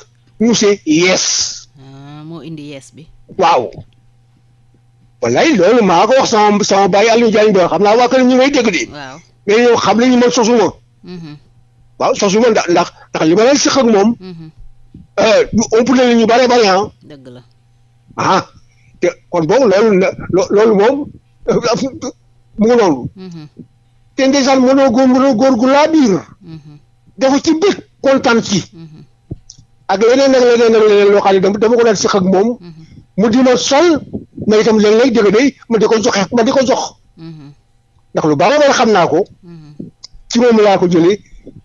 monsieur Yes. Ah, moo indi bi. waaw. wallaay loolu maa ko wax sama sama bàyyi Aliou Diagne Ba xam naa waa kër ñu may dégg di. waaw yow xam nañu man sosuma. Mm-hmm. waaw sosuma ndax ndax ndax li ma leen sëq ak moom. Mm-hmm. Euh, du ëpp na ñu bare bare ah. ah kon boobu loolu moom euh, mu ngi noonu. Mm-hmm. te ndeysaan mënoo gu laa dafa ci bëgg kontaan ci ak leneen ak leneen ak leneen loo xam ne dama ko daan seq ak moom mu di ma sol mais itam léeg-léeg dëgg ma di ko joxe ma di ko jox ndax lu baax la xam naa ko ci moom laa ko jëlee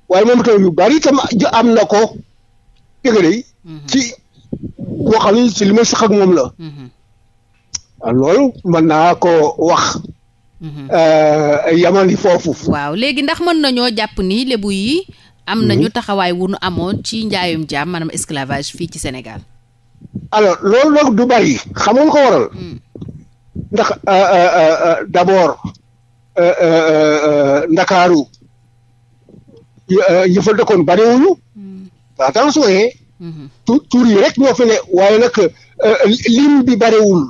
waaye moom itam yu bari itam am na ko dëgg day ci boo xam ne ci li ma seq ak moom la loolu mën naa ko wax. Mhm. Euh, yamani foofu. waaw léegi ndax mën nañoo jàpp ni lébu yi am nañu mhm. taxawaay wu nu amoon ci njaayum jaam maanaam esclavage fii ci Sénégal. alors loolu nag du bari xam ko waral. ndax d' abord ndakaaru yi fa dëkkoon bariwuñu. Hmm. attention hmm. rek ñoo fi ne waaye nag euh, lim bi bariwul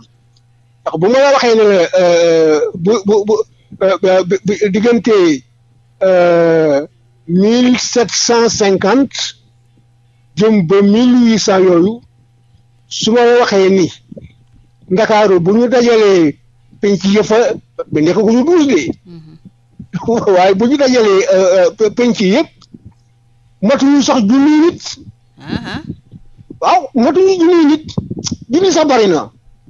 ndax bu ma la waxee ne euh, bu bu bu euh, diggante. mille sept cent cinquante jëm ba mille huit cent yooyu su ma waxee ni ndakaaru bu ñu dajalee penc yëfa bi nekk ku ñu bu ñu dajalee euh, euh, penc yëpp matuñu sax junniy nit waaw matuñu junniy nit junni sax bari na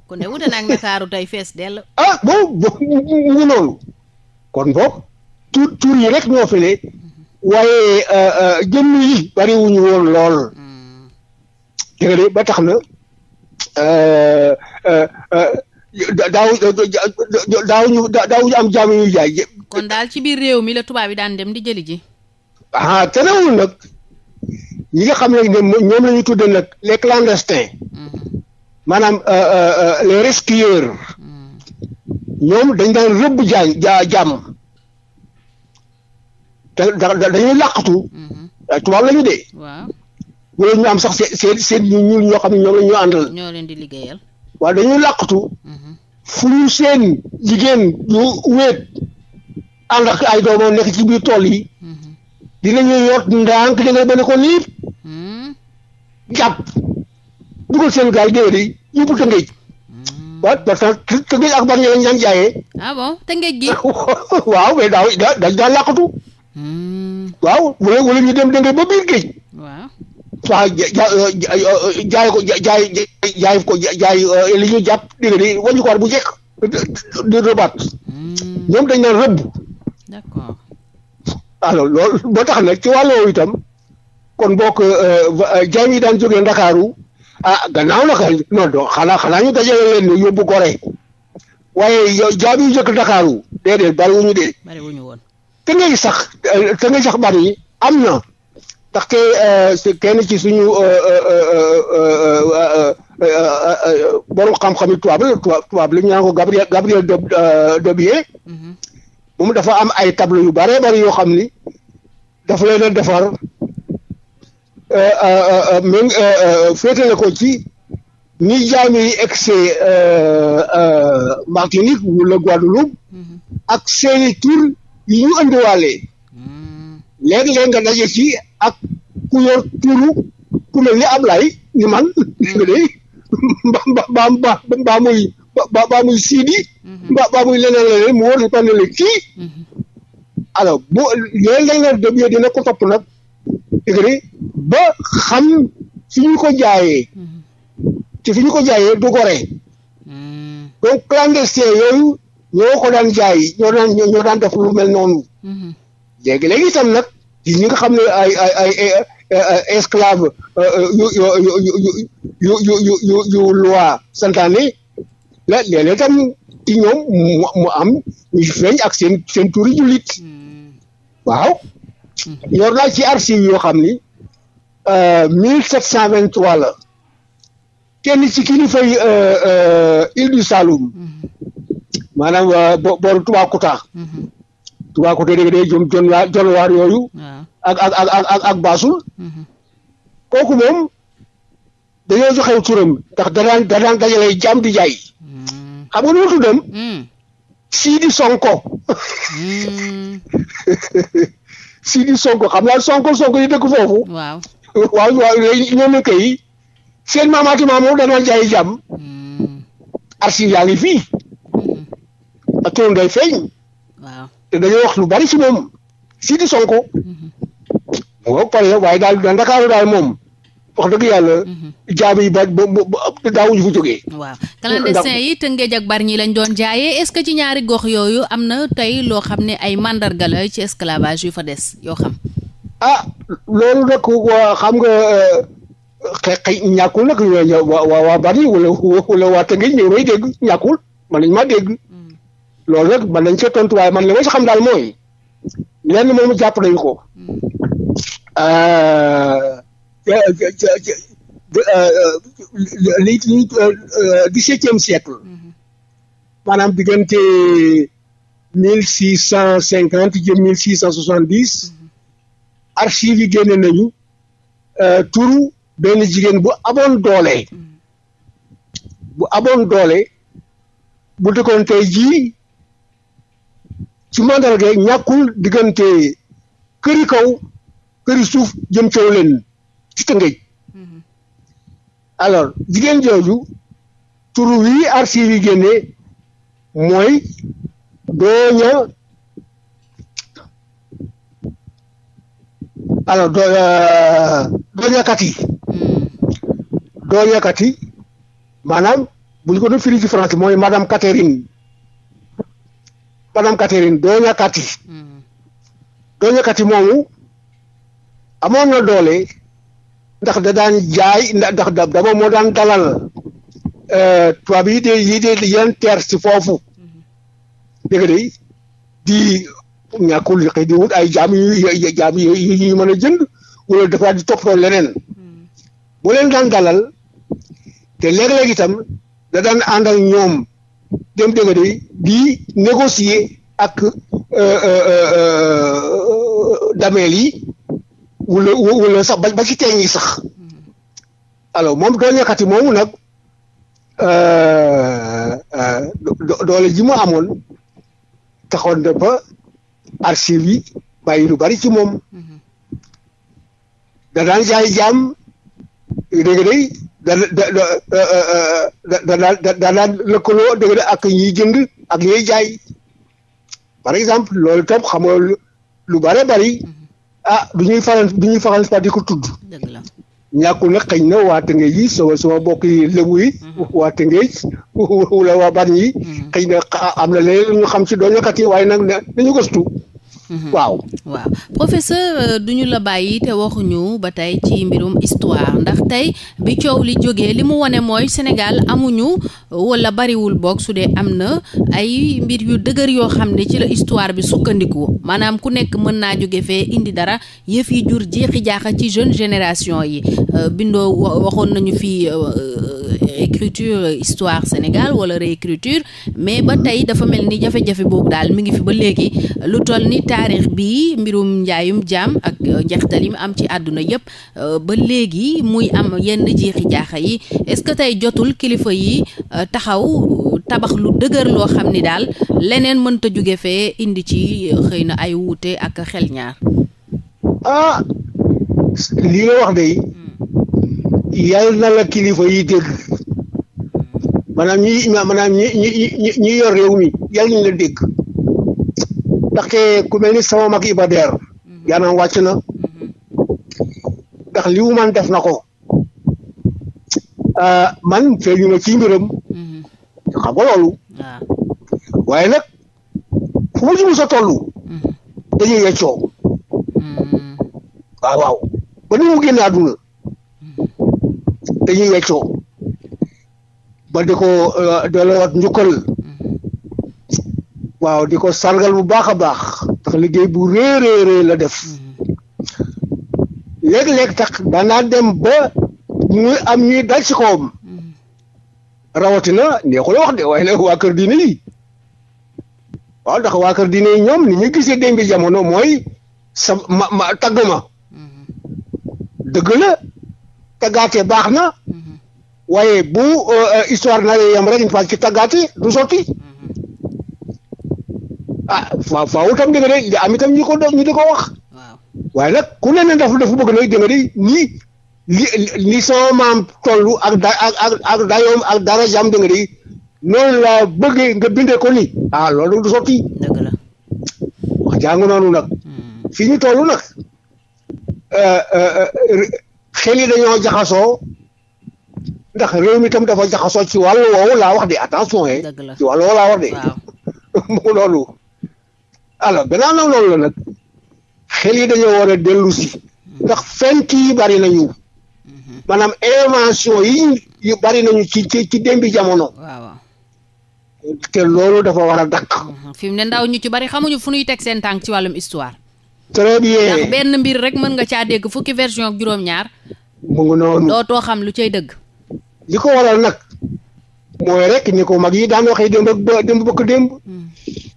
kon de wute naag ndakaaru fees dell ah bo bo mu ngi noonu kon boog tur tur yi rek ñoo fi ne waaye euh, euh, jëmm yi bariwuñu woon lool hmm. dégg ba tax na euh, daaw daawuñu daawuñu am jaam yu jaay. kon daal ci biir réew mi la tubaab yi daan dem di jëli ji. ah terewul nag ñi nga xam ne ñoom la tudd nag les clandestins hmm. maanaam les rescueurs hmm. ñoom dañ daan rëbb jaan jàmm. dañuy làqatu. Mhm. tubaab la ñu dee. waaw wala ñu am sax seen seen ñu ñuul ñoo xam ne ñoom la ñu àndal. ñoo leen di liggéeyal. waaw dañuy làqatu. Mhm. fu ñu ci biir tool yi. Mhm. dinañu yoot ko niip. jàpp dugal seen gaal déwén yi yóbbu tëngéej. waaw parce que [laughs] waaw wala wala ñu dem dangay ba biir géej. waaw waaw jaay ko jaay jaay ko jaay euh, li ñuy jàpp dégg nga wàññi ko bu njëkk di rëbaat. Hmm. ñoom dañ naan rëbb. d'accord alors loolu boo tax nag ci wàllu itam kon bokk euh, euh, jaay yi daan jógee Ndakaaru ah gannaaw la kay non non xanaa xanaa ñu dajale leen ne yóbbu Gorée waaye yow jaay yu njëkk Ndakaaru déedéet bari wuñu dee. bari wuñu woon. te ngay sax te ngay sax bari yi am na ndaxte kenn ci suñu borom xam-xam yi tubaab la tubaab la ko Gabriel Gabriel Dobier moom dafa am ay tableau yu bare bari yoo xam ni dafa leen a defar même ko ci ni jaam yi excès Martinique wala Guadeloupe ak seeni yu ñu andiwaale hmm. léeg-léeg nga daje ci ak ku yor turu ku mel ni Ablaye ni man gis nga de mbaa mbaa mbaa muy mbaa muy Sidi hmm. mbaa mbaa muy leneen leneen mu wóor la ne la kii hmm. alors boo léeg-léeg nga déglu dina ko topp nag ba xam fi ñu ko jaayee te fi ñu ko jaayee du gore donc clandestin yooyu. ñoo ko daan jaay ñoo daan ñoo daan def lu mel noonu. Mhm. léegi léegi itam nag di ñi nga xam ne ay ay ay ay esclave euh, euh, yu yu yu yu yu yu yu loi santaane la léeg-léeg itam ci ñoom mu mu am ñu feeñ ak seen seen tuuri jullit mhm. waaw. Mhm. yor naa ci archive yoo xam ni euh, mille sept cent vingt trois la kenn ci kilifa yi Île du Saloum. maanaam euh, bo booru Toubacouta. Mm-hmm. Toubacouta dégg day jëm jon waa jon waar yooyu. ak baasul. Mm-hmm. kooku moom dañoo joxew turam ndax danaan danaan dajalay jaam di jaay. Mm-hmm. xam nga nu mu tuddam. Mm. Sidi Sonko. Mm. [laughs] Sidi Sonko xam naa Sonko Sonko yi dëkk foofu. waaw waaw kay seen maamaati maam moom jaay jàmm. Mm. arsi yaa fii. ak turam day feeñ. waaw te dañoo wax lu bari ci moom Sidi Sonko. waaw mhm. pare waaye daal daal Ndakaaru daal moom wax dëgg yàlla. Mhm. jaab yi ba ba ba daawuñu fa jógee. waaw clandestin yi Tëngéej ak Bargny lañ doon jaayee est-ce que ci ñaari gox yooyu am na tey loo xam ne ay mandarga la ci esclavage yu fa des yoo xam. ah loolu nag xam nga xëy ñàkkul nag waa waa Bargny waa Tëngéej ñëw may dégg ñàkkul man nañu maa dégg. loolu rek mën nañ cee tontu waaye man li ma si xam daal mooy lenn moomu jàpp nañu ko li euh, li euh, euh, dix-septième siècle maanaam diggante mille six cent cinquante jëm mille six cent soixante dix archives yi génne nañu turu benn jigéen bu amoon doole mm-hmm. bu amoon doole bu dëkkoon ji ci mandarga ñàkkul diggante këri kaw këri suuf jëm coow leen ci Tëngéej mhm. alors jigéen jooju tur wi archive yi génne mooy dooña alors do euh, dooñakati mhm. dooñakati maanaam bu ñu ko doon firi ci français mooy madame Catherine Madame Catherine Dooña Kati. Hmm. Dooña Kati moomu amoon na doole ndax da daan jaay ndax dama moo daan dalal euh, tubaab yi de yi de yenn terre ci foofu hmm. dégg nga di ñàkkul xëy di wut ay jaam yu jaam yu ñu mën a jënd wala dafa di toppatoo leneen hmm. bu leen daan dalal te léeg-léeg itam da daan ànd ak ñoom. dem dégg nga di négocier ak euh, euh, euh, dameel yi wala wala sax ba ci teeñ yi sax alors moom doo ñakkati moomu nag doole ji mu amoon taxoon na ba archive yi bàyyi lu bari ci moom mm-hmm. da daan jaay jaam dégg nga dana dana dana lëkkaloo dëgg la ak ñi jënd ak ñiy jaay par exemple lool tam xam lu bare bari mhm. ah du ñuy faral du ñuy faral di ko tudd. dëgg la xëy na waa Tëngéej yi sama sama mbokk yi Lebu yi. Mhm. [laughs] waa [laughs] waa Bargny yi. Mhm. xëy na am na leneen ñu xam ci doon yëkkati waaye nag nañu gëstu. Mhm. waaw waaw professeur euh, du ñu la bàyyi te waxuñu ba tey ci mbirum histoire ndax tey bi coow li jógee li mu wone mooy Sénégal amuñu wala bariwul boog su dee am na ay mbir yu dëgër yoo xam ne ci la histoire bi sukkandiku maanaam ku nekk mën naa jóge fee indi dara yëf yi jur jeexi jaaxa ci jeune génération yi euh, bindoo waxoon nañu fii euh, réécriture euh, histoire Sénégal wala réécriture mais ba tey dafa mel ni jafe-jafe boobu daal mu ngi fi ba léegi lu toll ni taarix bi mbirum njaayum jaam ak euh, njeexital yi mu am ci àdduna yëpp euh, ba léegi muy am yenn jeexi jaaxa yi est-ce que tey jotul kilifa yi taxaw tabax lu dëgër loo xam ni daal leneen mënta jóge fee indi ci xëy na ay wuute ak xel ñaar ah, maanaam ñi imaam maanaam ñi ñi ñi ñi yor réew mi yàlla nañ ku mel ni sama mag Iba Der mhm. yaanaam wàcc na mhm. ndax li mu man def na ko ah, man feeñu ma ci mbiram mhm. xam nga loolu ah. waaye nag fu ma ci musa toll dañuy yeccoo waaw waaw ba ni mu génn àdduna ba di ko uh, delloowaat njukkal mm-hmm. waaw di ko sargal bu baax a baax ndax liggéey bu réeréerée la def mm-hmm. léeg-léeg tax danaa dem ba ñuy am ñuy dal ci kawam mm-hmm. rawatina neexul wax de waaye nag waa kër diine yi waaw ndax waa kër diine yi ñoom ni ñu gisee démbi jamono mooy sa ma ma tagg ma dëgg baax na waaye bu euh, histoire naree yam rek une fois ci tàggaati du sotti ah faaw faaw tam dégg nga ko ñu di wax waaye nag ku ne ne dafa dafa bëgg nag dégg nga de nii li toll ak da ak ak ak la ak nga bëggee nga bindee ko nii ah du sotti wax jàngu noonu nag hmm. fii ñu toll nag euh, euh, xel yi dañoo jaxasoo. ndax réew mi tam dafa jaxasoo ci wàllu woowu laa wax de attention eh. ci wàllu woowu laa wax de. [laughs] mu loolu. alors gannaaw na loolu la nag xel yi dañoo war a dellu si. ndax fenk yi bari nañu. Mhm. maanaam invention yi yu bari nañu ci ci ci démbi jamono. waaw. te loolu dafa war a dakk. Mhm. fi mu ne ndaw ñu ci bari xamuñu fu ñuy teg seen tànk ci wàllum histoire. très bien ndax benn mbir rek mën nga caa dégg fukki version ak juróom-ñaar. mu ngi noonu dootoo xam lu cay dëgg. li ko waral nag mooy rek ni ko mag yi daan waxee démb ak ba démb bëkk démb hmm.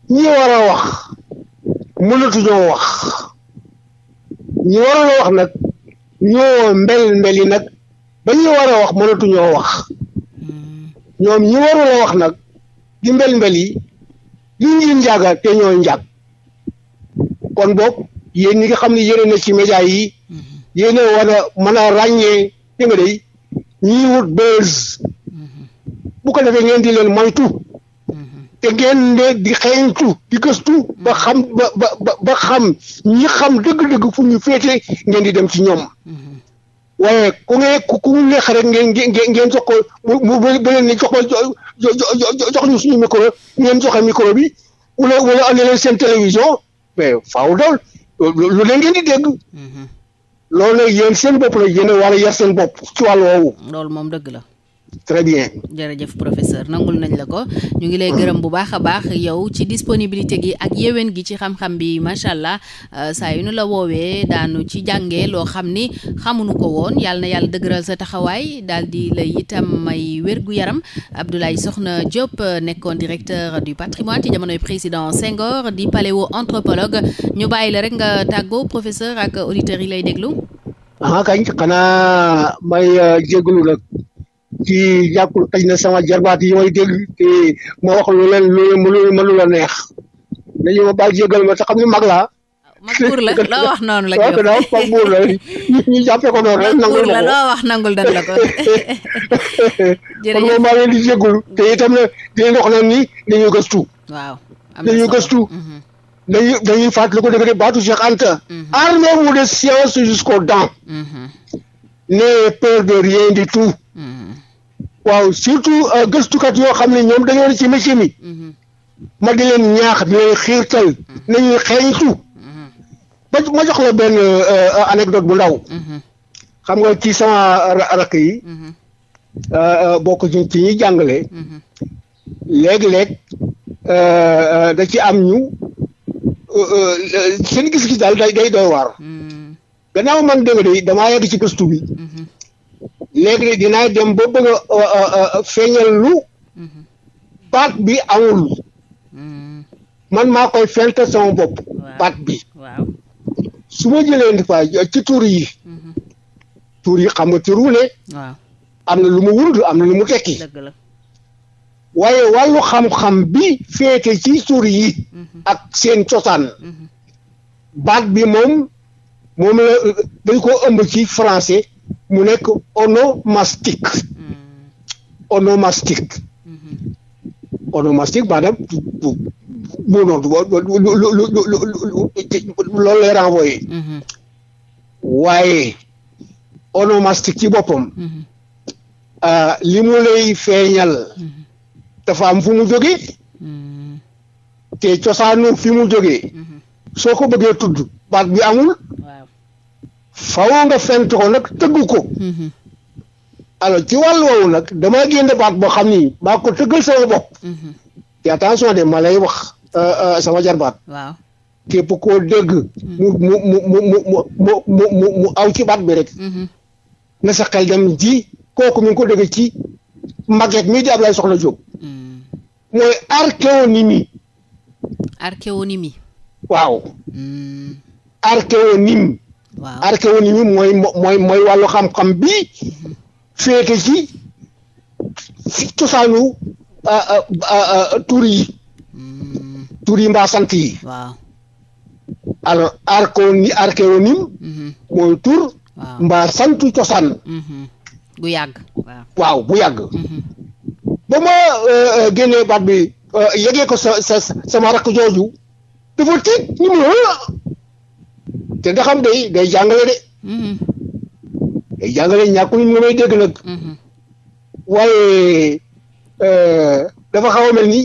ñi war a wax mënatuñoo wax ñi waroon wax nag ñoo mbel yi nag ba ñi war wax mënatuñoo wax hmm. ñoom ñi warul wax nag di mbel yi li ñuy njàgga te ñoo njàgg kon boog yéen ñi nga xam ne yéen na ci média yi hmm. yéen a war a a ràññee li nga day ñiy wut bés bu ko defee ngeen di leen moytu mm-hmm. te ngeen de di xeeñtu di gëstu ba mm-hmm. xam ba ba ba xam ñi xam dëgg-dëgg fu ñu féete ngeen di dem ci ñoom mm-hmm. waaye ku ngeen ku mu neex rek ngeen ngeen ngeen jox ko mu ba leen ne jox ko jox ñu suñu micro ngeen joxe micro bi wala wala andi leen seen télévision mais faaw daal lu leen ngeen di dégg. loolu nag yéen seen bopp la yéen wala war a yar seen bopp ci wàll woowu. loolu moom dëgg la. très jërëjëf professeur nangul nañ la ko ñu ngi lay gërëm bu baax a baax yow ci disponibilité gi ak yéwén gi ci xam-xam bi macha allah euh, saa yu nu la woowee daanu ci jàngee loo xam ni xamuñu ko woon yàlla yàlla dëgëral sa taxawaay daal di lay itam may wérgu yaram Abdoulaye soxna Diop euh, nekkoon directeur du patrimoine ci jamonoy président Senghor di paléo anthropologue ñu bàyyi la rek nga tàggoo professeur ak auditeurs yi lay déglu. ah kañ xanaa may euh, jéglu ci yàggul xëy na sama jarbaat yi may dégg te ma wax lu leen lu leen mënu la neex dañu ma baal jégal ma te xam ne mag laa. mag buur la loo wax noonu la. [laughs] waaw gannaaw mag buur la ñu jàppee ko noonu rek. nangul la loo wax nangul dan la ko. jërëjëf [laughs] [laughs] kon moom maa leen di jéggul te itam ne dinañ wax naan ni dañuy gëstu. waaw am na dañuy gëstu. Mhm. dañuy dañuy fàttali ko dégg baatu Cheikh Anta. Mhm. armé wu de science jusqu'aux dents. Mhm. n'ayez peur de rien du tout. waaw surtout euh, gëstukat yoo xam ne ñoom dañoo ne ci métier mi ma di leen ñaax di leen xiirtal nañuy xeeñtu ba ma jox la benn euh, anecdote bu ndaw xam nga ci sama rakk yi euh, bokk ci ci ñuy jàngale léeg-léeg da ci am ñu seen gis-gis daal day day doy waar mm. gannaaw man dégg day damaa yegg ci gëstu bi léegi dinaa dem ba bëgg feeñal lu mhm. baat bi awul mhm. man maa koy fent sama bopp baat bi su ma jëlee ndi euh, ci tur yi mhm. tur yi xam nga tur wu ne am na lu mu wurdu am na lu mu tekki waaye wàllu xam-xam bi féete ci tur yi ak seen cosaan baat bi moom moom la euh, dañ ko ëmb ci français mu nekk onomastique onomastique onomastique maanaam bu noonu loolu lay renvoyé waaye onomastique ci boppam li mu lay feeñal dafa am fu mu jógee te cosaanu fi mu jógee soo ko bëggee tudd baat bi amul. waaw faw nga fent ko nag tëgg ko mhm. alors ci wàll woowu nag damaa génne baat boo xam ni maa ko tëggal sama bopp mhm. te attention de ma lay wax euh, euh, sama jarbaat waaw képp koo dégg mhm. mu mu mu mu mu mu mu mu aw ci baat bi rek na sa xel dem ji kooku mu ngi ko dégg ci maguette mii di Ablaye Soxna Diop mooy archéonymie archéonymie waaw archéonymie waaw archéonomie mooy mooy mooy wàllu xam bi féete ci ci cosaanu tur yi hmm. tur yi mbaa sant yi. waaw alors hmm. mooy tur. mbaa sant cosaan. Hmm. bu yàgg waaw bu yàgg. ba ma e, e, génnee baat bi e, yegee ko sa sa sama rakk jooju dafa tiit ñu mu te da xam day ngay jàngale de mm-hmm. day jàngale ñu nga may dégg nag mm-hmm. waaye euh, dafa xaw a mel ni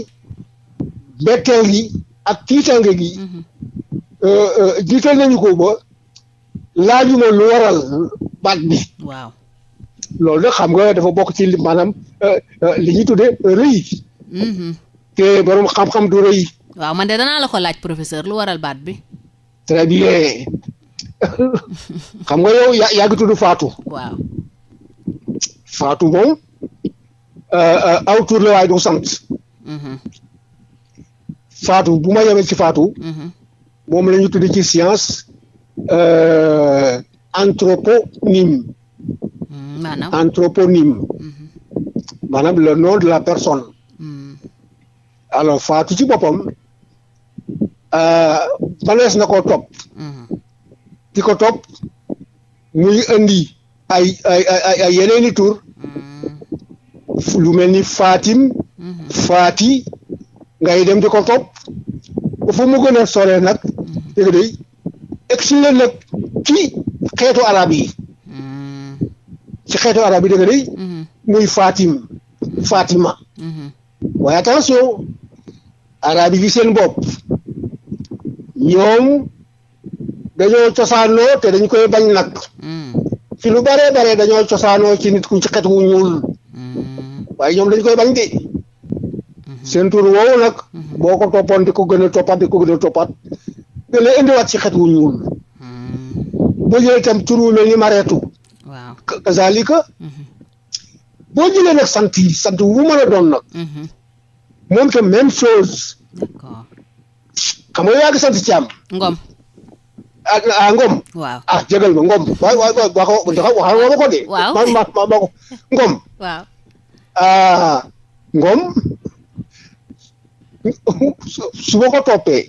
betteel gi ak tiitange gi mm-hmm. euh, euh, jiital nañu ko ba laajuma lu waral baat bi waaw loolu nag xam nga dafa bokk ci maanaam li ñuy tudde rëy te borom xam-xam du rëy waaw man de danaa la ko laaj professeur lu waral baat bi très bien xam nga yow yaa yaa ngi moom euh, euh, aw tur waaye du sant. Mm-hmm. Fatou bu ma yemee ci faatu mm-hmm. moom la ñu tudd ci science euh, anthroponyme. Mm, maanaam anthroponyme. Mm-hmm. maanaam le nom de la personne. Mm. alors faatu ci boppam. falees euh, na ko topp mm-hmm. di ko topp muy indi ay ay ay yeneeni tur mm-hmm. lu mel ni Fatim mm-hmm. Faati ngay dem di ko topp ba fu mu a sore nag dégg nga day egsi la nag ci xeetu arab yi ci xeetu arab yi dégg nga day muy Fatim Fatima waaye attention arab yi seen bopp ñoom dañoo cosaanoo te dañ koy bañ nag ci hmm. lu bare bare dañoo cosaanoo ci nit ku ci xet wu ñuul hmm. waaye ñoom dañ koy bañ de hmm. seen tur woowu nag boo ko toppoon di ko gën a toppaat di ko gën a toppaat da lay indiwaat ci xet wu ñuul boo jëlee itam tur wu mel ni mareetu waaw kazalika boo jëlee nag sant yi sant wu mën a doon nag moom itam même chose xam nga yaa ngi sant Thiam. Ngom. ah Ngom. waaw ah jégal ma Ngom waaw waaw waaw waxal ma ko de. waaw ma ma ma ko Ngom. waaw. ah Ngom su ma ko toppee.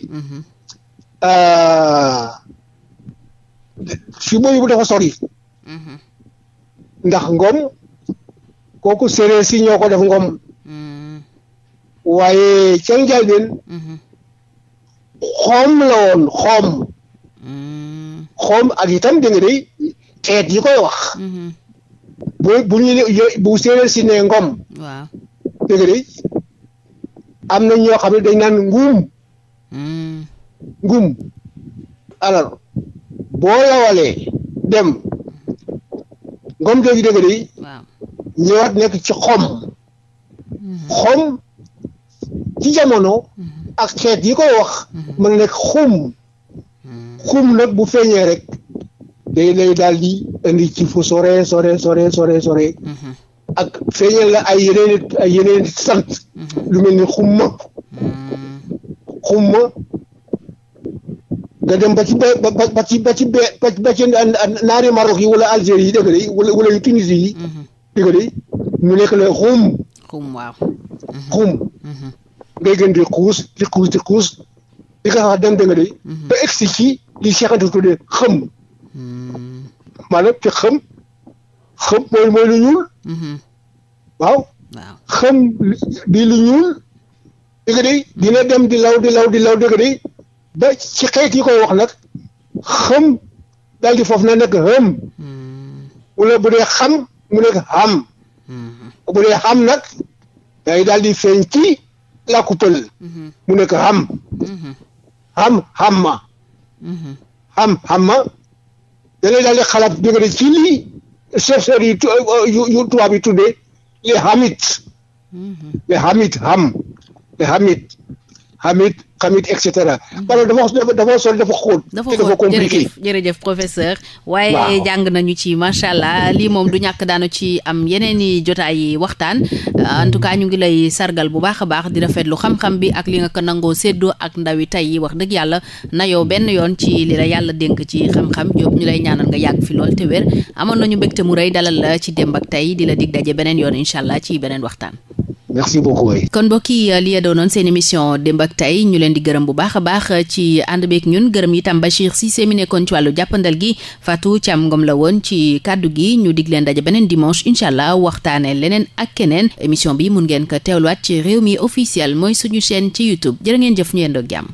fi ma yóbbu dafa sori. ndax Ngom kooku séeréer si ñoo ko def Ngom. waaye ca njëlbeen. xoom la woon xoom hmm. xoom ak itam da nga day xeet yi koy wax hmm. bu bu ñu bu séeréer si ne ngom waaw da am na ñoo xam ne dañ naan nguum hmm. ngum alors boo lawalee dem ngom jooju da nga day ñëwaat nekk ci xom xom ci jamono ak xeet yi koy wax man mhm. nekk xum mhm. xum nag bu feeñee rek day lay daal di indi ci fu sore sore sore sore sore mhm. ak feeñal la ay yeneen ay yeneen sant lu mel ni xumma xumma nga dem ba ci ba ba ci ba ci ba ci naari Maroc yi wala Algérie yi dégg nga wala wala yu Tunisie yi dégg nga ñu nekk la xum xum waaw xum ngay gën di xuus di xuus di xuus di ko sax dem danga de mhm. ba egsi ci li Cheikh Anta tuddee xëm mhm. maanaam ci xëm xëm mooy mooy lu ñuul mhm. waaw xëm di lu ñuul di nga de dina dem di law di law di law di nga de ba ci xeet yi koy wax nag xëm daal di foofu na nekk xëm wala bu dee xam mu nekk xam bu dee xam nag day daal di feeñ ci làkku pël mhm. mu nekk xam mhm. xam xamma mhm. xam xamma da ngay daal xalaat jóge ci lii chercheurs yi euh, yu tubaab yi hamit les hamit xam les hamit hamit xamit et cetera. Mhm. alors dafa dafa sori dafa xóot. dafa xóot jërëjëf jërëjëf professeur. waaye jàng nañu ci macha allah lii moom du ñàkk daanu ci am yeneen i jotaay yi waxtaan en tout cas ñu ngi lay sargal bu baax a baax di rafetlu xam-xam bi ak li nga ko nangoo séddoo ak ndawi tey yi wax dëgg yàlla nayoo benn yoon ci li la yàlla dénk ci xam-xam Diop ñu lay ñaanal nga yàgg fi loolu te amoon nañu mbégte mu rey dalal la ci démb ak tey di la dig daje beneen yoon incha allah ci beneen waxtaan. merci beaucoup kon mbokk yi li doonoon seen émission démb ak tay ñu leen di gërëm bu baax a baax ci ànd beek ñun gërëm itam Bachir Cissé mi nekkoon ci wàllu jàppandal gi Fatou Thiam Ngom la woon ci kàddu gi ñu dig leen daje beneen dimanche incha allah waxtaanee leneen ak keneen émission bi mun ngeen ko teewluwaat ci réew mi officiel mooy suñu chaîne ci YouTube jërë ngeen jëf ñu yendoog jàmm.